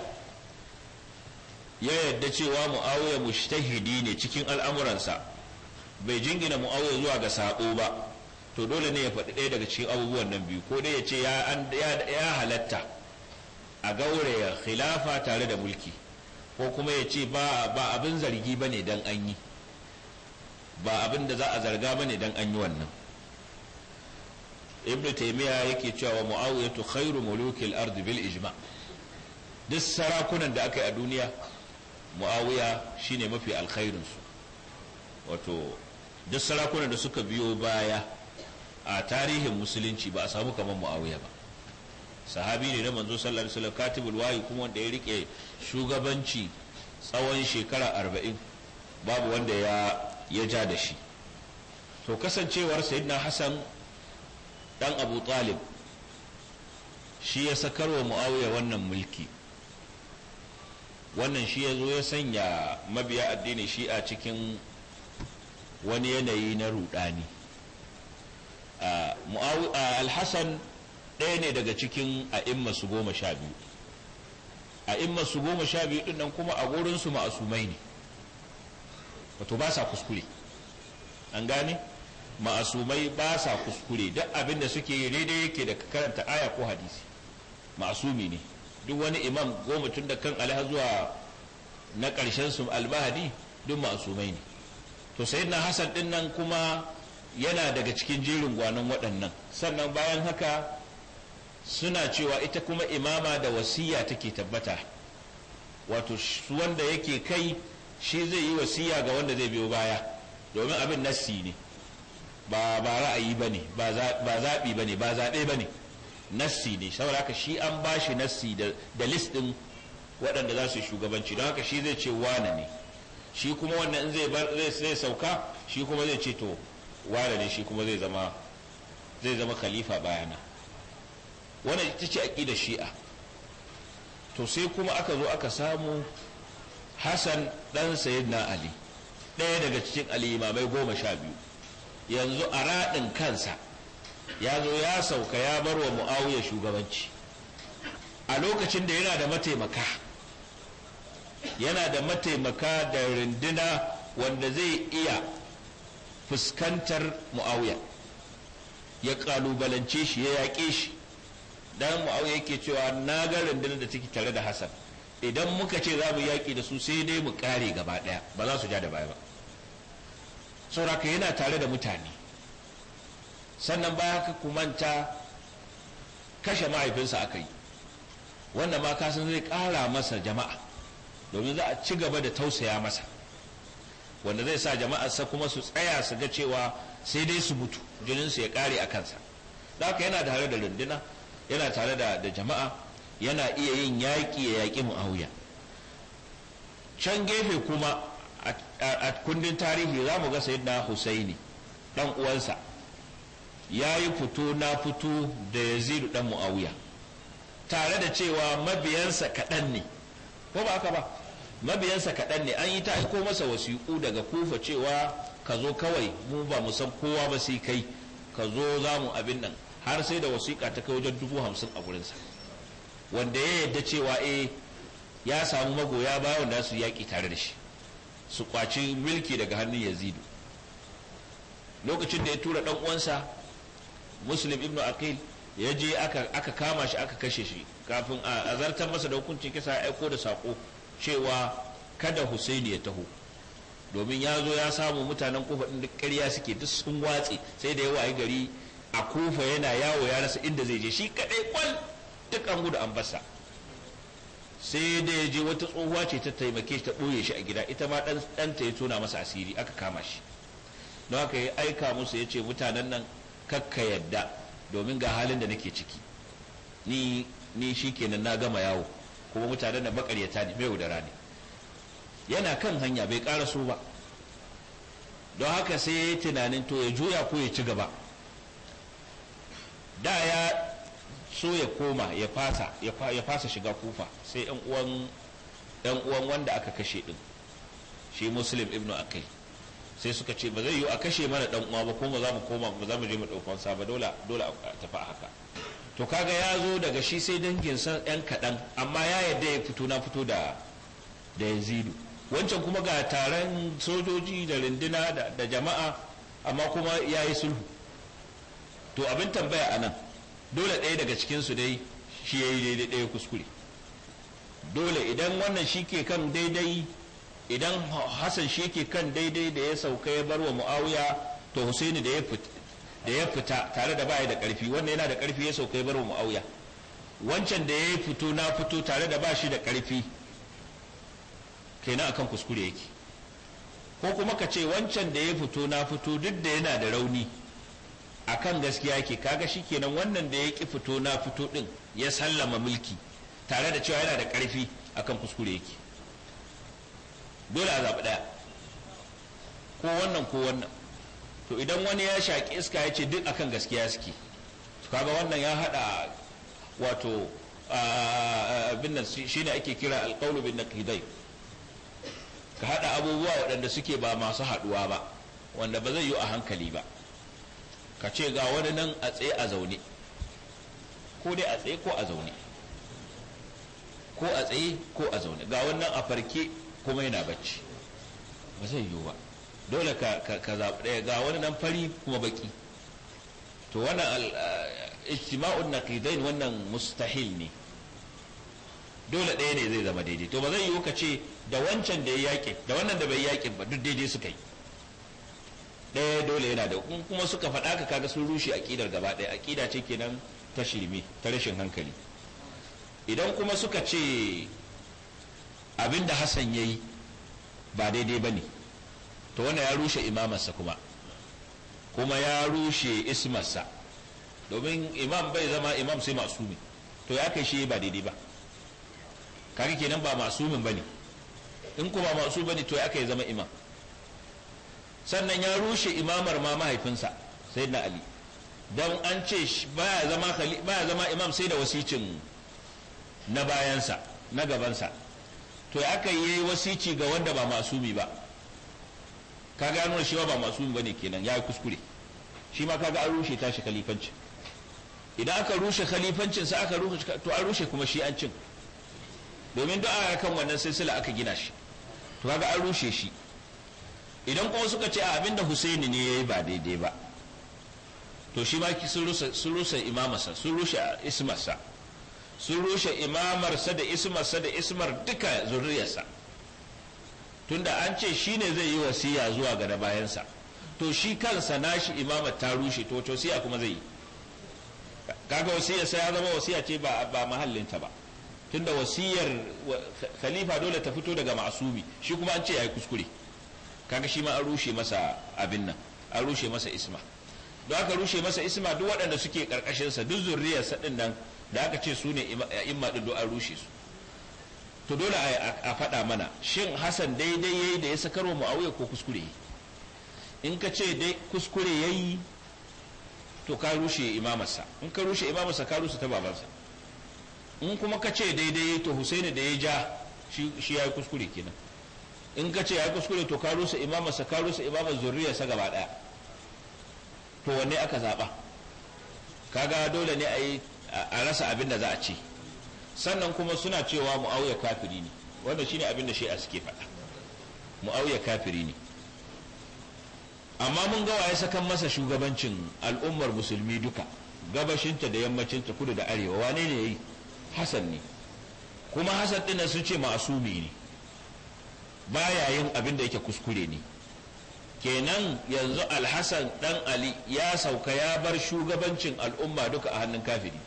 S1: ya yarda cewa mu'awiya mushtahidi ne cikin al'amuransa bai jingina mu'awiya zuwa ga saɓo ba to dole ne ya faɗi ɗaya daga cikin abubuwan nan biyu ko dai ya ce ya halatta a gauraya khilafa tare da mulki ko kuma ya ce ba abin zargi ba ne don an yi ba abin da za a zarga ba ne don an yi wannan ibn taimiyya yake cewa wa to khairu mulukil ardi bil ijma' duk sarakunan da aka yi a duniya muawiya shine mafi alkhairin su wato duk sarakunan da suka biyo baya a tarihin musulunci ba a samu kamar muawiya ba sahabi ne na manzo sallallahu alaihi wasallam katibul wahi kuma wanda ya rike shugabanci tsawon shekara arba'in babu wanda ya ya ja da shi to kasancewar sayyidina hasan dan abu talib shi ya sakarwa muawiya wannan mulki wannan shi ya zo ya sanya mabiya addini a cikin wani yanayi na rudani alhassan ɗaya ne daga cikin a'imma su goma sha biyu a'imma su goma sha biyu ɗin nan kuma a gurinsu ma'asumai ne wato ba sa kuskure an gane ma'asumai ba sa kuskure duk abinda suke yi daidai yake da karanta aya ko hadisi ma'asumi ne duk wani imam goma tun da kan alha zuwa na ƙarshen su almahadi duk ma'asumai ne to na hasan din nan kuma yana daga cikin jerin gwanon waɗannan sannan bayan haka suna cewa ita kuma imama da wasiya take tabbata wato wanda yake kai shi zai yi wasiya ga wanda zai biyo baya domin abin nassi ne ba ba ra'ayi ba ne ba zaɓi ba ne ba zaɓe ba ne nassi ne saboda haka shi an ba shi nassi da listin waɗanda za su yi shugabanci don haka shi zai ce wane ne shi kuma wannan zai sauka shi kuma zai ce to wane ne shi kuma zai zama khalifa bayana wannan ita ce aqidar shi'a to sai kuma aka zo aka samu Hassan dan na Ali ɗaya daga cikin al'imamai goma sha biyu yanzu a raɗin kansa ya zo ya sauka ya bar wa mu'awiya shugabanci a lokacin da yana da mataimaka yana da mataimaka da rinduna wanda zai iya fuskantar mu'awiya ya kalubalance shi ya yaƙe shi dan mu'awiya yake cewa na ga rindina da take tare da hasan idan muka ce za mu yaƙi da su sai dai mu kare gaba ɗaya ba za su ja da baya ba sauraka yana tare da mutane sannan baya kaku kumanta kashe mahaifinsa aka yi wannan ma kasan zai kara masa jama'a domin za a ci gaba da tausaya masa wanda zai sa jama'arsa kuma su tsaya su ga cewa sai dai su mutu jininsu ya kare a kansa haka yana tare da runduna yana tare da jama'a yana iya yin yaƙi ya yaƙi mu'awiya can gefe kuma a kundin tarihi za mu ga sayyidina husaini ɗan uwansa ya yi fito na fito da yazidu dan mu'awiya tare da cewa mabiyansa kaɗan ne ko ba haka ba mabiyansa kaɗan ne an yi ta aiko masa wasiƙu daga kufa cewa ka zo kawai mu ba mu san kowa ba sai kai ka zo za mu abin nan har sai da wasiƙa ta kai wajen dubu hamsin a gurinsa wanda ya yadda cewa eh ya samu magoya bayan da su yaƙi tare da shi su kwaci milki daga hannun yazidu lokacin da ya tura ɗan uwansa muslim ibnu aqil ya je aka kama shi aka kashe shi kafin a zartar masa da hukunci kisa ya aiko da sako cewa kada husaini ya taho domin ya zo ya samu mutanen kofa ɗin duk ƙarya suke duk sun watse sai da yawa gari a kofa yana yawo ya rasa inda zai je shi kaɗai kwal duk an gudu an basa sai da ya je wata tsohuwa ce ta taimake shi ta ɓoye shi a gida ita ma ɗanta ya tona masa asiri aka kama shi don haka ya aika musu ya ce mutanen nan kakka yadda domin ga halin da nake ciki ni ni shikenan na gama yawo kuma mutanen da makaryata ne mai wudara ne yana kan hanya bai ƙara so ba don haka sai ya yi tunanin to ya juya ko ya ci gaba da ya so ya koma ya fasa ya fasa shiga kufa sai yan uwan wanda aka kashe din shi muslim ibnu akai sai suka ce ba zai yiwu a kashe mana dan uwa ba kuma za mu koma ba za mu je mu daukan sa ba dole dole a tafi haka to kaga ya zo daga shi sai dangin san yan kadan amma ya yadda ya fito na fito da da Yazidu wancan kuma ga taron sojoji da rinduna da jama'a amma kuma ya yi sulhu to abin tambaya a nan dole ɗaya daga cikinsu dai shi ya yi daidai ɗaya kuskure dole idan wannan shi ke kan daidai idan Hassan shi yake kan daidai da ya sauka ya bar wa Muawiya to Husaini da ya fita da ya fita tare da baya da karfi wannan yana da karfi ya sauka ya bar wa Muawiya wancan da ya fito na fito tare da ba shi da karfi kenan akan kuskure yake ko kuma ka ce wancan da ya fito na fito duk da yana da rauni akan gaskiya yake kaga shi kenan wannan da ya ki fito na fito din ya sallama mulki tare da cewa yana da karfi akan kuskure yake dole a zaɓi ɗaya ko wannan ko wannan to idan wani ya shaƙi iska ya ce duk akan gaskiya suke kaga wannan ya haɗa wato abin nan shi ne ake kira alƙaulu bin naƙidai ka haɗa abubuwa waɗanda suke ba masu haɗuwa ba wanda ba zai yi a hankali ba ka ce ga wani nan a tsaye a zaune ko dai a tsaye ko a zaune ko a tsaye ko a zaune ga wannan a farke kuma yana bacci ba zai yiwu ba dole ka zaɓi ɗaya ga wani nan fari kuma baki to wannan ijtima'un naqidain wannan mustahil ne dole ɗaya ne zai zama daidai to ba zai yiwu ka ce da wancan da ya yaƙi da wannan da bai yaƙi ba duk daidai suka yi ɗaya dole yana da kuma suka faɗa ka kaga sun rushe aƙidar gaba ɗaya aƙida ce kenan ta shirme ta rashin hankali idan kuma suka ce abinda Hassan ya yi ba daidai ba ne to wani ya rushe imamarsa kuma kuma ya rushe ismarsa domin imam bai zama imam sai masu ne to ya kai shi ba daidai ba kaga kenan ba masu min ba ne in kuma masu ba ne to ya kai zama imam sannan ya rushe imamar ma mahaifinsa sai na ali don an ce baya zama imam sai da wasicin na bayansa na gabansa to ya aka yi wasici ga wanda ba masu mi ba ka gano shi ba masu mi bane kenan ya yi kuskure shi ma kaga an rushe tashi khalifancin idan aka rushe khalifancin sai aka rushe to an rushe kuma shi an cin domin duk aka kan wannan silsila aka gina shi to kaga an rushe shi idan kuma suka ce a abinda Husaini ne yayi ba daidai ba to shi ma sun rusa sun rusa imamarsa sun rushe ismarsa sun rushe imamarsa da ismarsa da ismar duka zuriyarsa tunda an ce shi ne zai yi wasiya zuwa ga bayansa to shi kansa nashi imamar ta rushe to wasiya kuma zai yi kaga wasiya sai ya zama wasiya ce ba ba mahallinta ba tunda wasiyar khalifa dole ta fito daga ma'asumi shi kuma an ce yayi kuskure kaga shi ma an rushe masa abin nan an rushe masa isma don aka rushe masa isma duk waɗanda suke karkashin sa duk zuriyar sa nan da aka ce su ne imma din an rushe su to dole a faɗa mana shin hasan daidai yayi da ya sakarwa muawiya ko kuskure in ka ce dai kuskure yayi to ka rushe imamarsa in ka rushe imamarsa ka rusa ta babansa in kuma ka ce daidai to husaini da ya ja shi ya yi kuskure kenan in ka ce ya yi kuskure to ka rusa imamarsa ka rusa imamar sa gaba ɗaya to wanne aka zaɓa kaga dole ne a yi a rasa abin da za a ce sannan kuma suna cewa mu'awiya kafiri ne wanda shine abin da shi'a suke faɗa mu'awiya kafiri ne amma mun ga ya sakan masa shugabancin al'ummar musulmi duka gabashinta da yammacinta kudu da arewa wane ne yayi hasan ne kuma hasan dinnan sun ce ma'asumi ne baya yin abin da yake kuskure ne kenan yanzu alhassan dan ali ya sauka ya bar shugabancin al'umma duka a hannun kafiri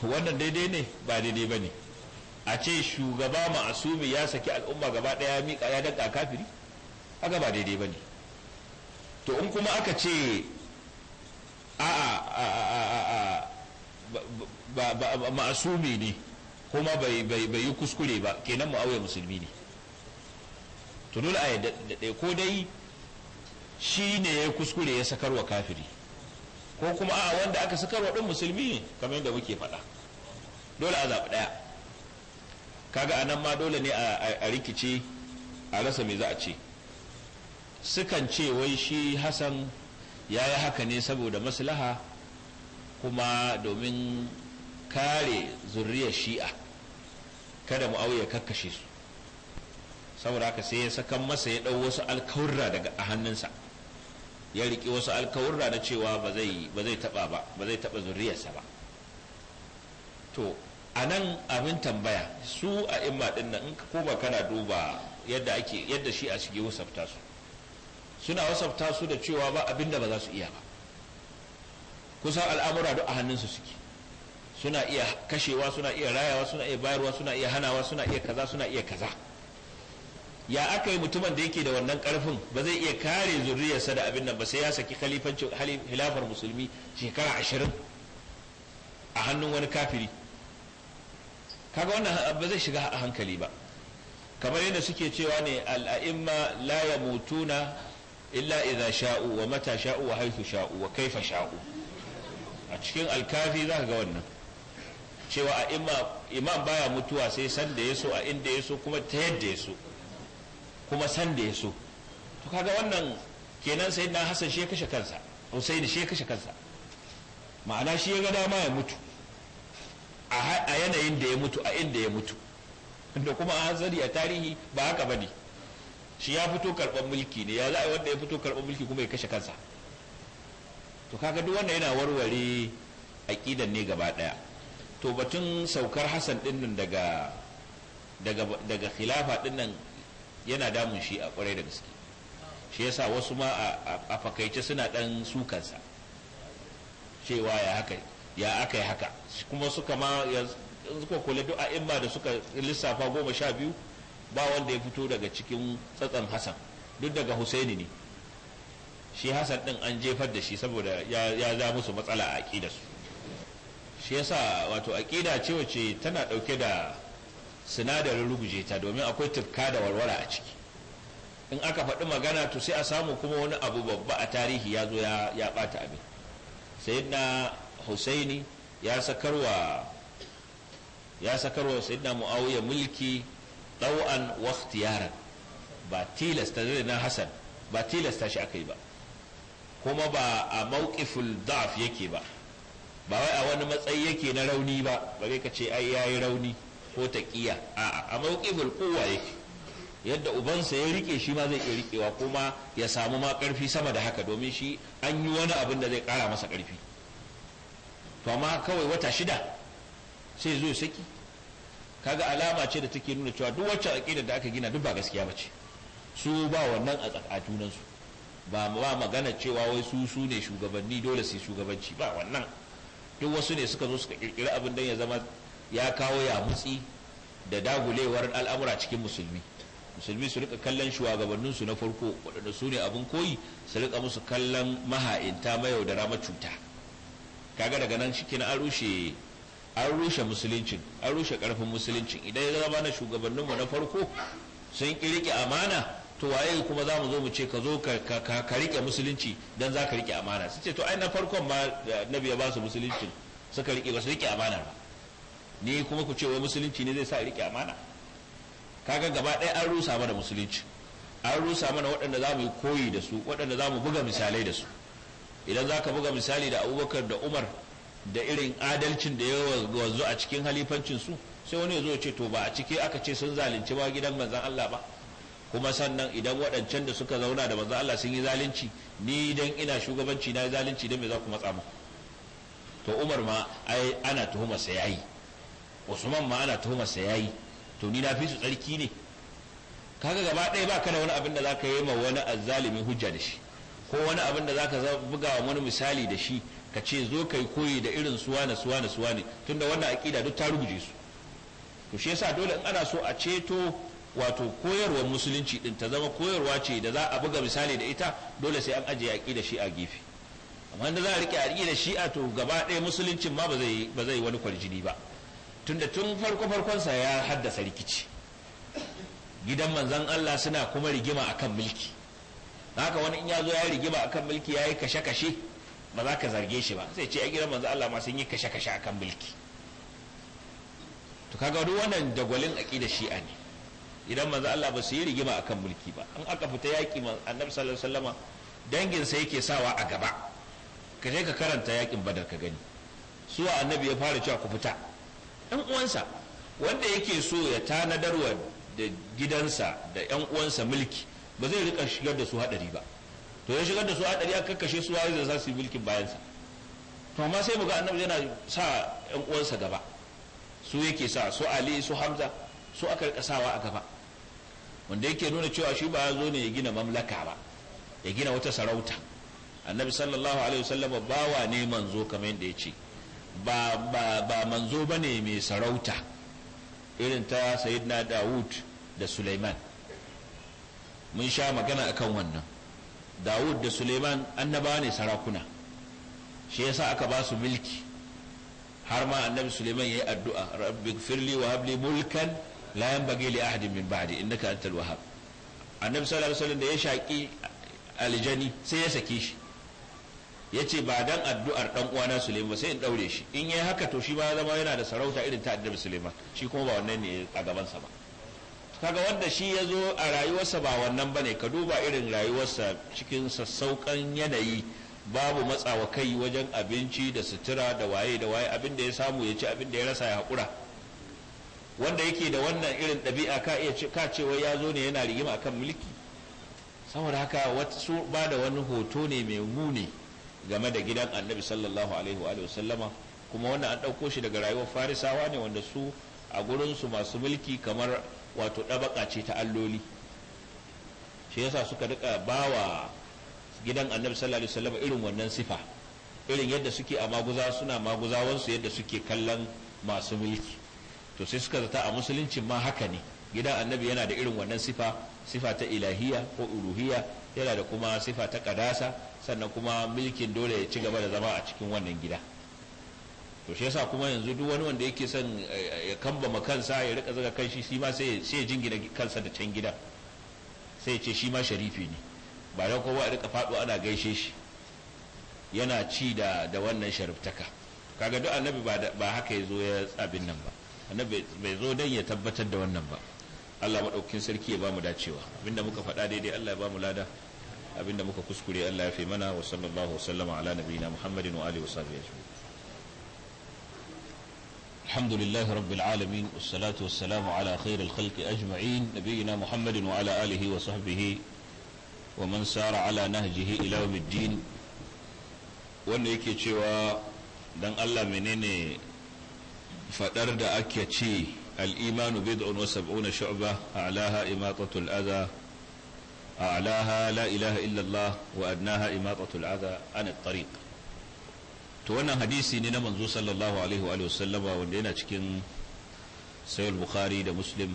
S1: wannan daidai ne ba daidai ba ne a ce shugaba ma'asumi ya saki al'umma gaba ɗaya ya miƙa ya danka kafiri haka ba daidai ba ne to in kuma aka ce a'a ma'asumi ne kuma bai yi kuskure ba kenan muauya musulmi ne to dole a ko dai shi ne ya kuskure ya sakarwa kafiri ko kuma a wanda aka sakarwa ɗin musulmi ne kamar yadda muke faɗa dole a zaɓi ɗaya kaga anan ma dole ne a rikice a rasa me za a ce sukan ce wai shi hasan ya yi haka ne saboda maslaha kuma domin kare zurriyar shi'a kada mu auya kakkashe su saboda haka sai ya sakan masa ya ɗau wasu alkawurra daga a hannunsa ya riƙe wasu alkawurra na cewa ba zai taɓa ba ba zai taɓa zuriyarsa ba to a nan abin tambaya su a imma ɗin nan ko ba kana duba yadda ake yadda shi a shige wasafta su suna wasafta su da cewa ba abin da ba za su iya ba kusan al'amura duk a hannunsu suke suna iya kashewa suna iya rayawa suna iya bayarwa suna iya hanawa suna iya kaza suna iya kaza ya aka yi mutumin da yake da wannan karfin ba zai iya kare zurriyarsa da abin nan ba sai ya saki khalifancin hilafar musulmi shekara ashirin a hannun wani kafiri kaga wannan ba zai shiga a hankali ba kamar yadda suke cewa ne al'a'imma la mutuna illa idza sha'u wa mata sha'u wa haythu sha'u wa kaifa sha'u a cikin alkafi za ga wannan cewa imam baya mutuwa sai sanda ya so a inda ya so kuma ta yadda ya so kuma san da ya so to kaga wannan kenan sai na hasan shi ya kashe kansa husaini shi ya kashe kansa ma'ana shi ya ga dama ya mutu a yanayin da ya mutu a inda ya mutu da kuma an hanzari a tarihi ba haka bane shi ya fito karban mulki ne ya za'a wanda ya fito karban mulki kuma ya kashe kansa to kaga duk wannan yana warware aƙidan ne gaba ɗaya to batun saukar Hassan ɗinnan daga daga daga khilafa ɗinnan yana damun shi a kwarai da gaske shi yasa wasu ma a fakaice suna dan sukansa cewa ya haka ya aka yi haka kuma suka ma ko kula duk a imma da suka lissafa goma sha biyu ba wanda ya fito daga cikin tsatsan hasan duk daga husaini ne shi hasan din an jefar da shi saboda ya za musu matsala a aƙidarsu shi yasa wato aƙida ce tana ɗauke da sinadarin ruguje ta domin akwai tufka da warwara a ciki in aka faɗi magana to sai a samu kuma wani abu babba a tarihi ya zo ya ɓata abin na husaini ya sakarwa ya sakarwa sayyidina muawiya mulki ɗau'an wa ikhtiyaran ba tilasta na hasan ba tilasta shi aka yi ba kuma ba a mawqiful da'af yake ba ba wai a wani matsayi yake na rauni ba ba ka ce ai yayi rauni ko ta kiya a a mawqiful quwwa yake yadda ubansa ya rike shi ma zai iya rikewa kuma ya samu ma karfi sama da haka domin shi an yi wani abin da zai kara masa karfi to amma kawai wata shida sai zo saki kaga alama ce da take nuna cewa duk wacce aqida da aka gina duk ba gaskiya bace su ba wannan a tsakatunan su ba ba magana cewa wai su su ne shugabanni dole su shugabanci ba wannan duk wasu ne suka zo suka kirkiri abin dan ya zama ya kawo mutsi da dagulewar al'amura cikin musulmi musulmi su rika kallon shugabannin su na farko waɗanda su ne abin koyi su rika musu kallon maha'inta rama cuta kaga daga nan shi an rushe an rushe musuluncin an rushe karfin musuluncin idan ya zama na shugabannin mu na farko sun ki rike amana to waye kuma za mu zo mu ce ka zo ka rike musulunci dan za ka rike amana su ce to ai na farkon ma nabi ya ba su musuluncin suka rike ba su rike amana ba ni kuma ku ce wai musulunci ne zai sa riƙe amana kaga gaba ɗaya an rusa mana musulunci an rusa mana waɗanda za mu yi koyi da su waɗanda za mu buga misalai da su idan za ka buga misali da abubakar da umar da irin adalcin da ya wanzu a cikin halifancin su sai wani ya zo ce to ba a ciki aka ce sun zalunci ba gidan manzan Allah ba kuma sannan idan waɗancan da suka zauna da manzan Allah sun yi zalunci ni idan ina shugabanci na yi zalunci don me za ku matsa mu to Umar ma ai ana tuhuma sai yayi usman ma ana tuhumar sa yayi to ni na fi su tsarki ne kaga gaba ɗaya ba da wani abin da zaka yi ma wani azzalimi hujja da shi ko wani abin da zaka buga wa wani misali da shi ka ce zo kai koyi da irin suwa suwa na na suwa ne tunda wannan aqida duk ta rubuje su to shi yasa dole in ana so a ceto wato koyarwar musulunci din ta zama koyarwa ce da za a buga misali da ita dole sai an ajiye aqida shi a gefe amma da za a rike aqida a to gaba ɗaya musuluncin ma ba zai ba zai wani kwarjini ba tunda tun farko farkonsa ya haddasa rikici gidan manzan Allah suna kuma rigima akan mulki haka wani in ya zo ya rigima akan mulki ya yi kashe-kashe ba za ka zarge shi ba sai ce a gidan manzan Allah ma sun yi kashe-kashe akan mulki to kaga duk wannan dagwalin aqida shi'a ne idan manzan Allah ba su yi rigima akan mulki ba an aka fita yaki annabi sallallahu alaihi wasallama dangin sa yake sawa a gaba ka je ka karanta yakin badar ka gani su annabi ya fara cewa ku fita yan uwansa wanda yake so ya tanadarwa da gidansa da ɗan uwansa mulki ba zai rika shigar da su haɗari ba to ya shigar da su haɗari aka kashe su wayo da za su yi mulkin bayansa to amma sai muga annabi yana sa ɗan uwansa gaba su yake sa su ali su hamza su aka rika sawa a gaba wanda yake nuna cewa shi ba ya zo ne ya gina mamlaka ba ya gina wata sarauta annabi sallallahu alaihi wasallam bawa ne manzo kamar yadda ya ce ba manzo ba ne mai sarauta irin ta sayyidina Dawud da Suleiman. mun sha magana akan wannan Dawud da Suleiman annabawa ne sarakuna shi yasa aka ba su mulki har ma annabi Suleiman ya yi addu'a rabbi firli wa habli mulkan la yanbaghi li ahadin min ba'di innaka antal wahhab annabi sallallahu alaihi wasallam da ya shaki aljani sai ya sake shi yace ba dan addu'ar dan uwana Sulaiman sai in daure shi in yayi haka to shi ba zama yana da sarauta irin ta addu'ar Sulaiman shi kuma ba wannan ne a gaban sa ba kaga wanda shi ya zo a rayuwarsa ba wannan bane ka duba irin rayuwarsa cikin sassaukan yanayi babu matsawa kai wajen abinci da sutura da waye da waye abin da ya samu ya ci abin da ya rasa ya haƙura wanda yake da wannan irin ɗabi'a ka iya ka cewa ya zo ne yana rigima akan mulki saboda haka wasu ba da wani hoto ne mai muni game da gidan annabi sallallahu alaihi wa sallama kuma wannan an ɗauko shi daga rayuwar farisawa ne wanda su a gurinsu masu mulki kamar wato ɗabaka ce ta alloli shi yasa suka rika bawa gidan annabi sallallahu alaihi wasallam irin wannan sifa irin yadda suke a maguza suna maguzawansu yadda suke kallon masu mulki to sai suka zata a musulunci ma haka ne gidan annabi yana da irin wannan sifa sifa ta ilahiya ko uruhiya yana da kuma sifa ta kadasa sannan kuma milkin dole ya ci gaba da zama a cikin wannan gida to shi yasa kuma yanzu duk wani wanda yake son eh, ya kambama kansa ya rika zaga kanshi shi ma sai ya jingina kansa da can gida sai ya ce shi ma sharifi ne ba da kowa ya rika faɗo ana gaishe shi yana ci da da wannan shariftaka kaga duk annabi ba haka ya zo ya tsabin nan ba annabi bai zo dan ya tabbatar da wannan ba Allah maɗaukin sarki ya ba mu dacewa abinda muka faɗa daidai Allah ya ba mu lada abinda muka kuskure Allah ya fi mana wa sallallahu wasallama ala nabiyina Muhammadin wa alihi wa sahbihi ajma'in الحمد لله رب العالمين والصلاة والسلام على خير الخلق أجمعين نبينا محمد وعلى آله وصحبه ومن سار على نهجه إلى يوم الدين wanda yake cewa dan Allah menene fadar da ake ce al-imanu bid'un wa sab'una shu'ba a'laha imatatul adha أعلاها لا إله إلا الله وأدناها إماطة العذى عن الطريق to wannan hadisi ne na manzo sallallahu alaihi wa sallama wanda yana cikin sayar bukhari da muslim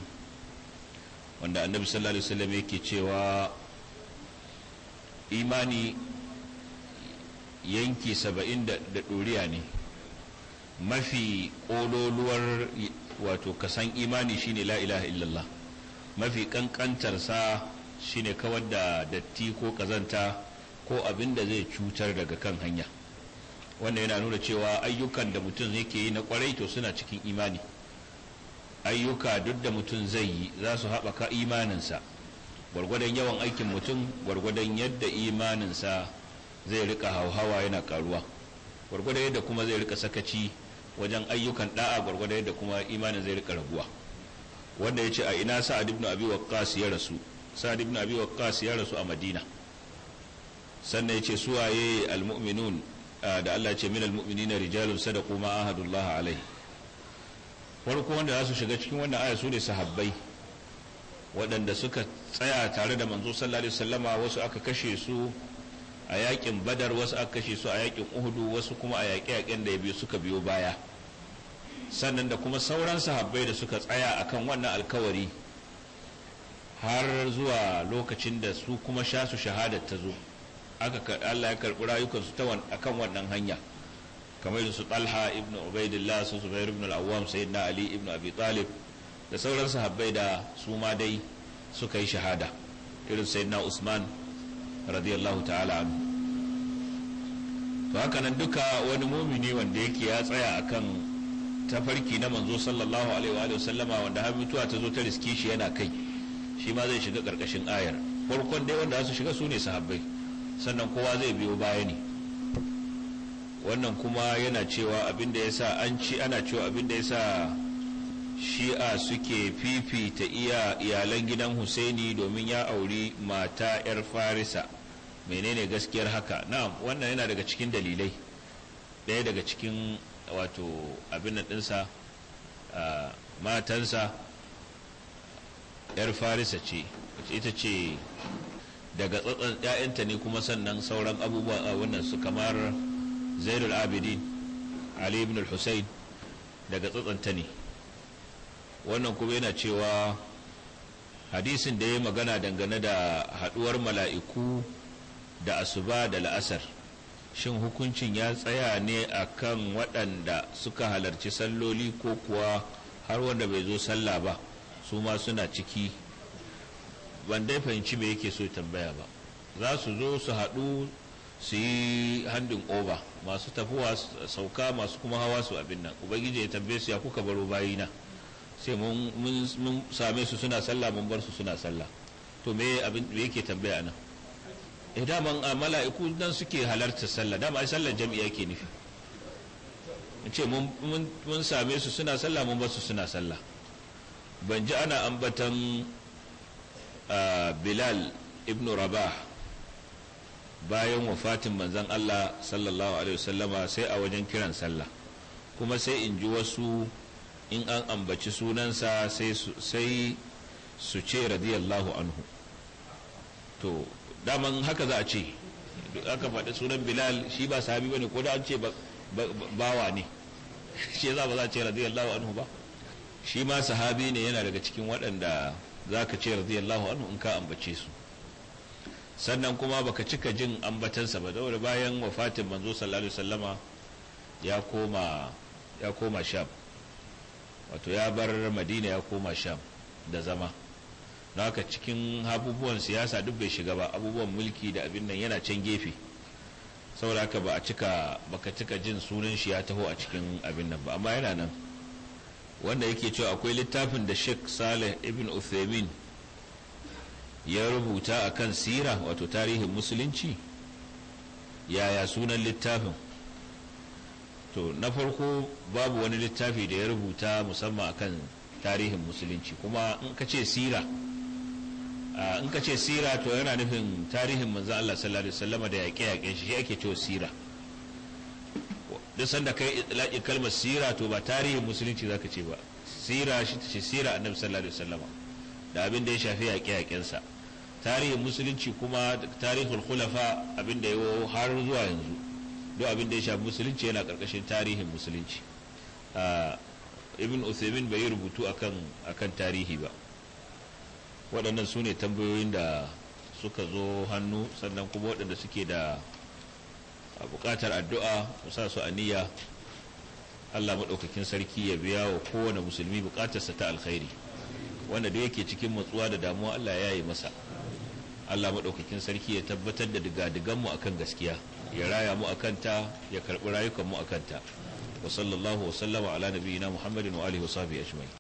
S1: wanda annabi sallallahu alaihi wasallam yake cewa imani yanki saba'in da ne mafi ƙololuwar wato kasan imani shine la ilaha illallah mafi ƙanƙantarsa shine kawar da datti ko kazanta ko abin da zai cutar daga kan hanya wannan yana nuna cewa ayyukan da mutum yake yi na kwarai to suna cikin imani ayyuka duk da mutum zai yi za su haɓaka imaninsa gwargwadon yawan aikin mutum gwargwadon yadda imaninsa zai rika hauhawa yana karuwa gwargwadon yadda kuma zai rika sakaci wajen ayyukan da'a gwargwadon yadda kuma imanin zai rika raguwa wanda ya ce a ina sa'ad ibn abi waqqas ya rasu sa'ad ibn abi waqqas ya rasu a madina sannan yace suwaye almu'minun da Allah ce minal na rijalun sadaqu ma ahadullah alai farko wanda za su shiga cikin wannan aya su ne sahabbai waɗanda suka tsaya tare da manzo sallallahu alaihi wasallama wasu aka kashe su a yakin badar wasu aka kashe su a yakin uhudu wasu kuma a yaƙe-yaƙen da ya biyu suka biyo baya sannan da kuma sauran sahabbai da suka tsaya akan wannan alkawari har zuwa lokacin da su kuma sha su shahadar ta zo aka Allah ya karɓi rayukansu ta akan wannan hanya kamar su Talha ibn Ubaidillah su Zubair ibn al-Awwam sayyidina Ali ibn Abi Talib da sauran sahabbai da su ma dai suka yi shahada irin sayyidina Usman radiyallahu ta'ala anhu to haka nan duka wani mumini wanda yake ya tsaya akan tafarki na manzo sallallahu alaihi wa sallama wanda har mutuwa ta zo ta riske shi yana kai shi ma zai shiga ƙarƙashin ayar farkon dai wanda su shiga su ne sahabbai sannan kowa zai biyo baya ne wannan kuma yana cewa abin da yasa an ci ana cewa abin da yasa shi'a suke fifita iya iyalan gidan husaini domin ya auri mata 'yar farisa menene gaskiyar haka na wannan yana daga cikin dalilai ɗaya daga cikin wato abin ɗinsa matansa yar farisa ce ita ce daga tsatsan ‘ya'yanta ne kuma sannan sauran abubuwa a wannan su kamar zainul abidin ali ibn hussein daga ta ne wannan kuma yana cewa hadisin da ya magana dangane da haduwar mala'iku da asuba da la'asar shin hukuncin ya tsaya ne a kan waɗanda suka halarci salloli ko kuwa har wanda bai zo sallah ba su ma suna ciki ban dai fahimci me yake so tambaya ba za su zo su haɗu su yi handin oba masu tafiwa sauka masu kuma hawa su abin nan ubangiji ya tambaye su ya kuka baro bayina sai mun same su suna sallah mun bar su suna sallah to me abin yake tambaya nan eh daman mala'iku nan suke halarta sallah dama ai sallar jami'a yake nufi ce mun same su suna sallah mun bar su suna sallah ban ji ana ambatan bilal ibn rabah bayan wafatin manzan Allah sallallahu alaihi wasallama sai a wajen kiran sallah kuma sai in ji wasu in an ambaci sunansa sai su ce radiyallahu anhu to daman haka za a ce aka faɗi sunan bilal shi ba sahabi bane ko da an ce bawa ne *laughs* shi za ba za a ce radiyallahu anhu ba shi ma sahabi ne yana daga cikin waɗanda za ka ce radiyallahu anhu in ka ambace su sannan kuma baka cika jin ambatansa ba saboda bayan wafatin manzo sallallahu alaihi wasallama ya koma ya koma sham wato ya bar madina ya koma sham da zama don haka cikin abubuwan siyasa duk bai shiga ba abubuwan mulki da abin nan yana can gefe saboda haka ba a cika baka cika jin sunan shi ya taho a cikin abin nan ba amma yana nan wanda yake cewa akwai littafin da sheikh saleh ibn uthaymeen ya rubuta a kan sira wato tarihin musulunci yaya sunan littafin to na farko babu wani littafi da ya rubuta musamman akan tarihin musulunci kuma in ka ce sira in ka ce sira to yana nufin tarihin manzo Allah sallallahu alaihi wasallam da yaƙe-yaƙen shi ake cewa sira duk sanda kai laƙi kalmar sira to ba tarihin musulunci zaka ce ba sira shi ta ce sira annabi sallallahu alaihi wasallam da abin da ya shafi yaƙe yaƙen sa tarihin musulunci kuma tarihul khulafa abin da yawo har zuwa yanzu duk abin da ya shafi musulunci yana karkashin tarihin musulunci ibn Uthaymeen bai yi rubutu akan akan tarihi ba waɗannan su ne tambayoyin da suka zo hannu sannan kuma waɗanda suke da a buƙatar addu'a mu sa su niyya Allah maɗaukakin sarki ya biya wa kowane musulmi buƙatarsa ta alkhairi wanda da yake cikin matsuwa da damuwa Allah ya yi masa Allah maɗaukakin sarki ya tabbatar da digadigan mu akan gaskiya ya raya mu akan ta ya karɓi rayukan mu akan ta wa sallallahu wa sallama ala nabiyina muhammadin wa alihi wa sahbihi ajma'in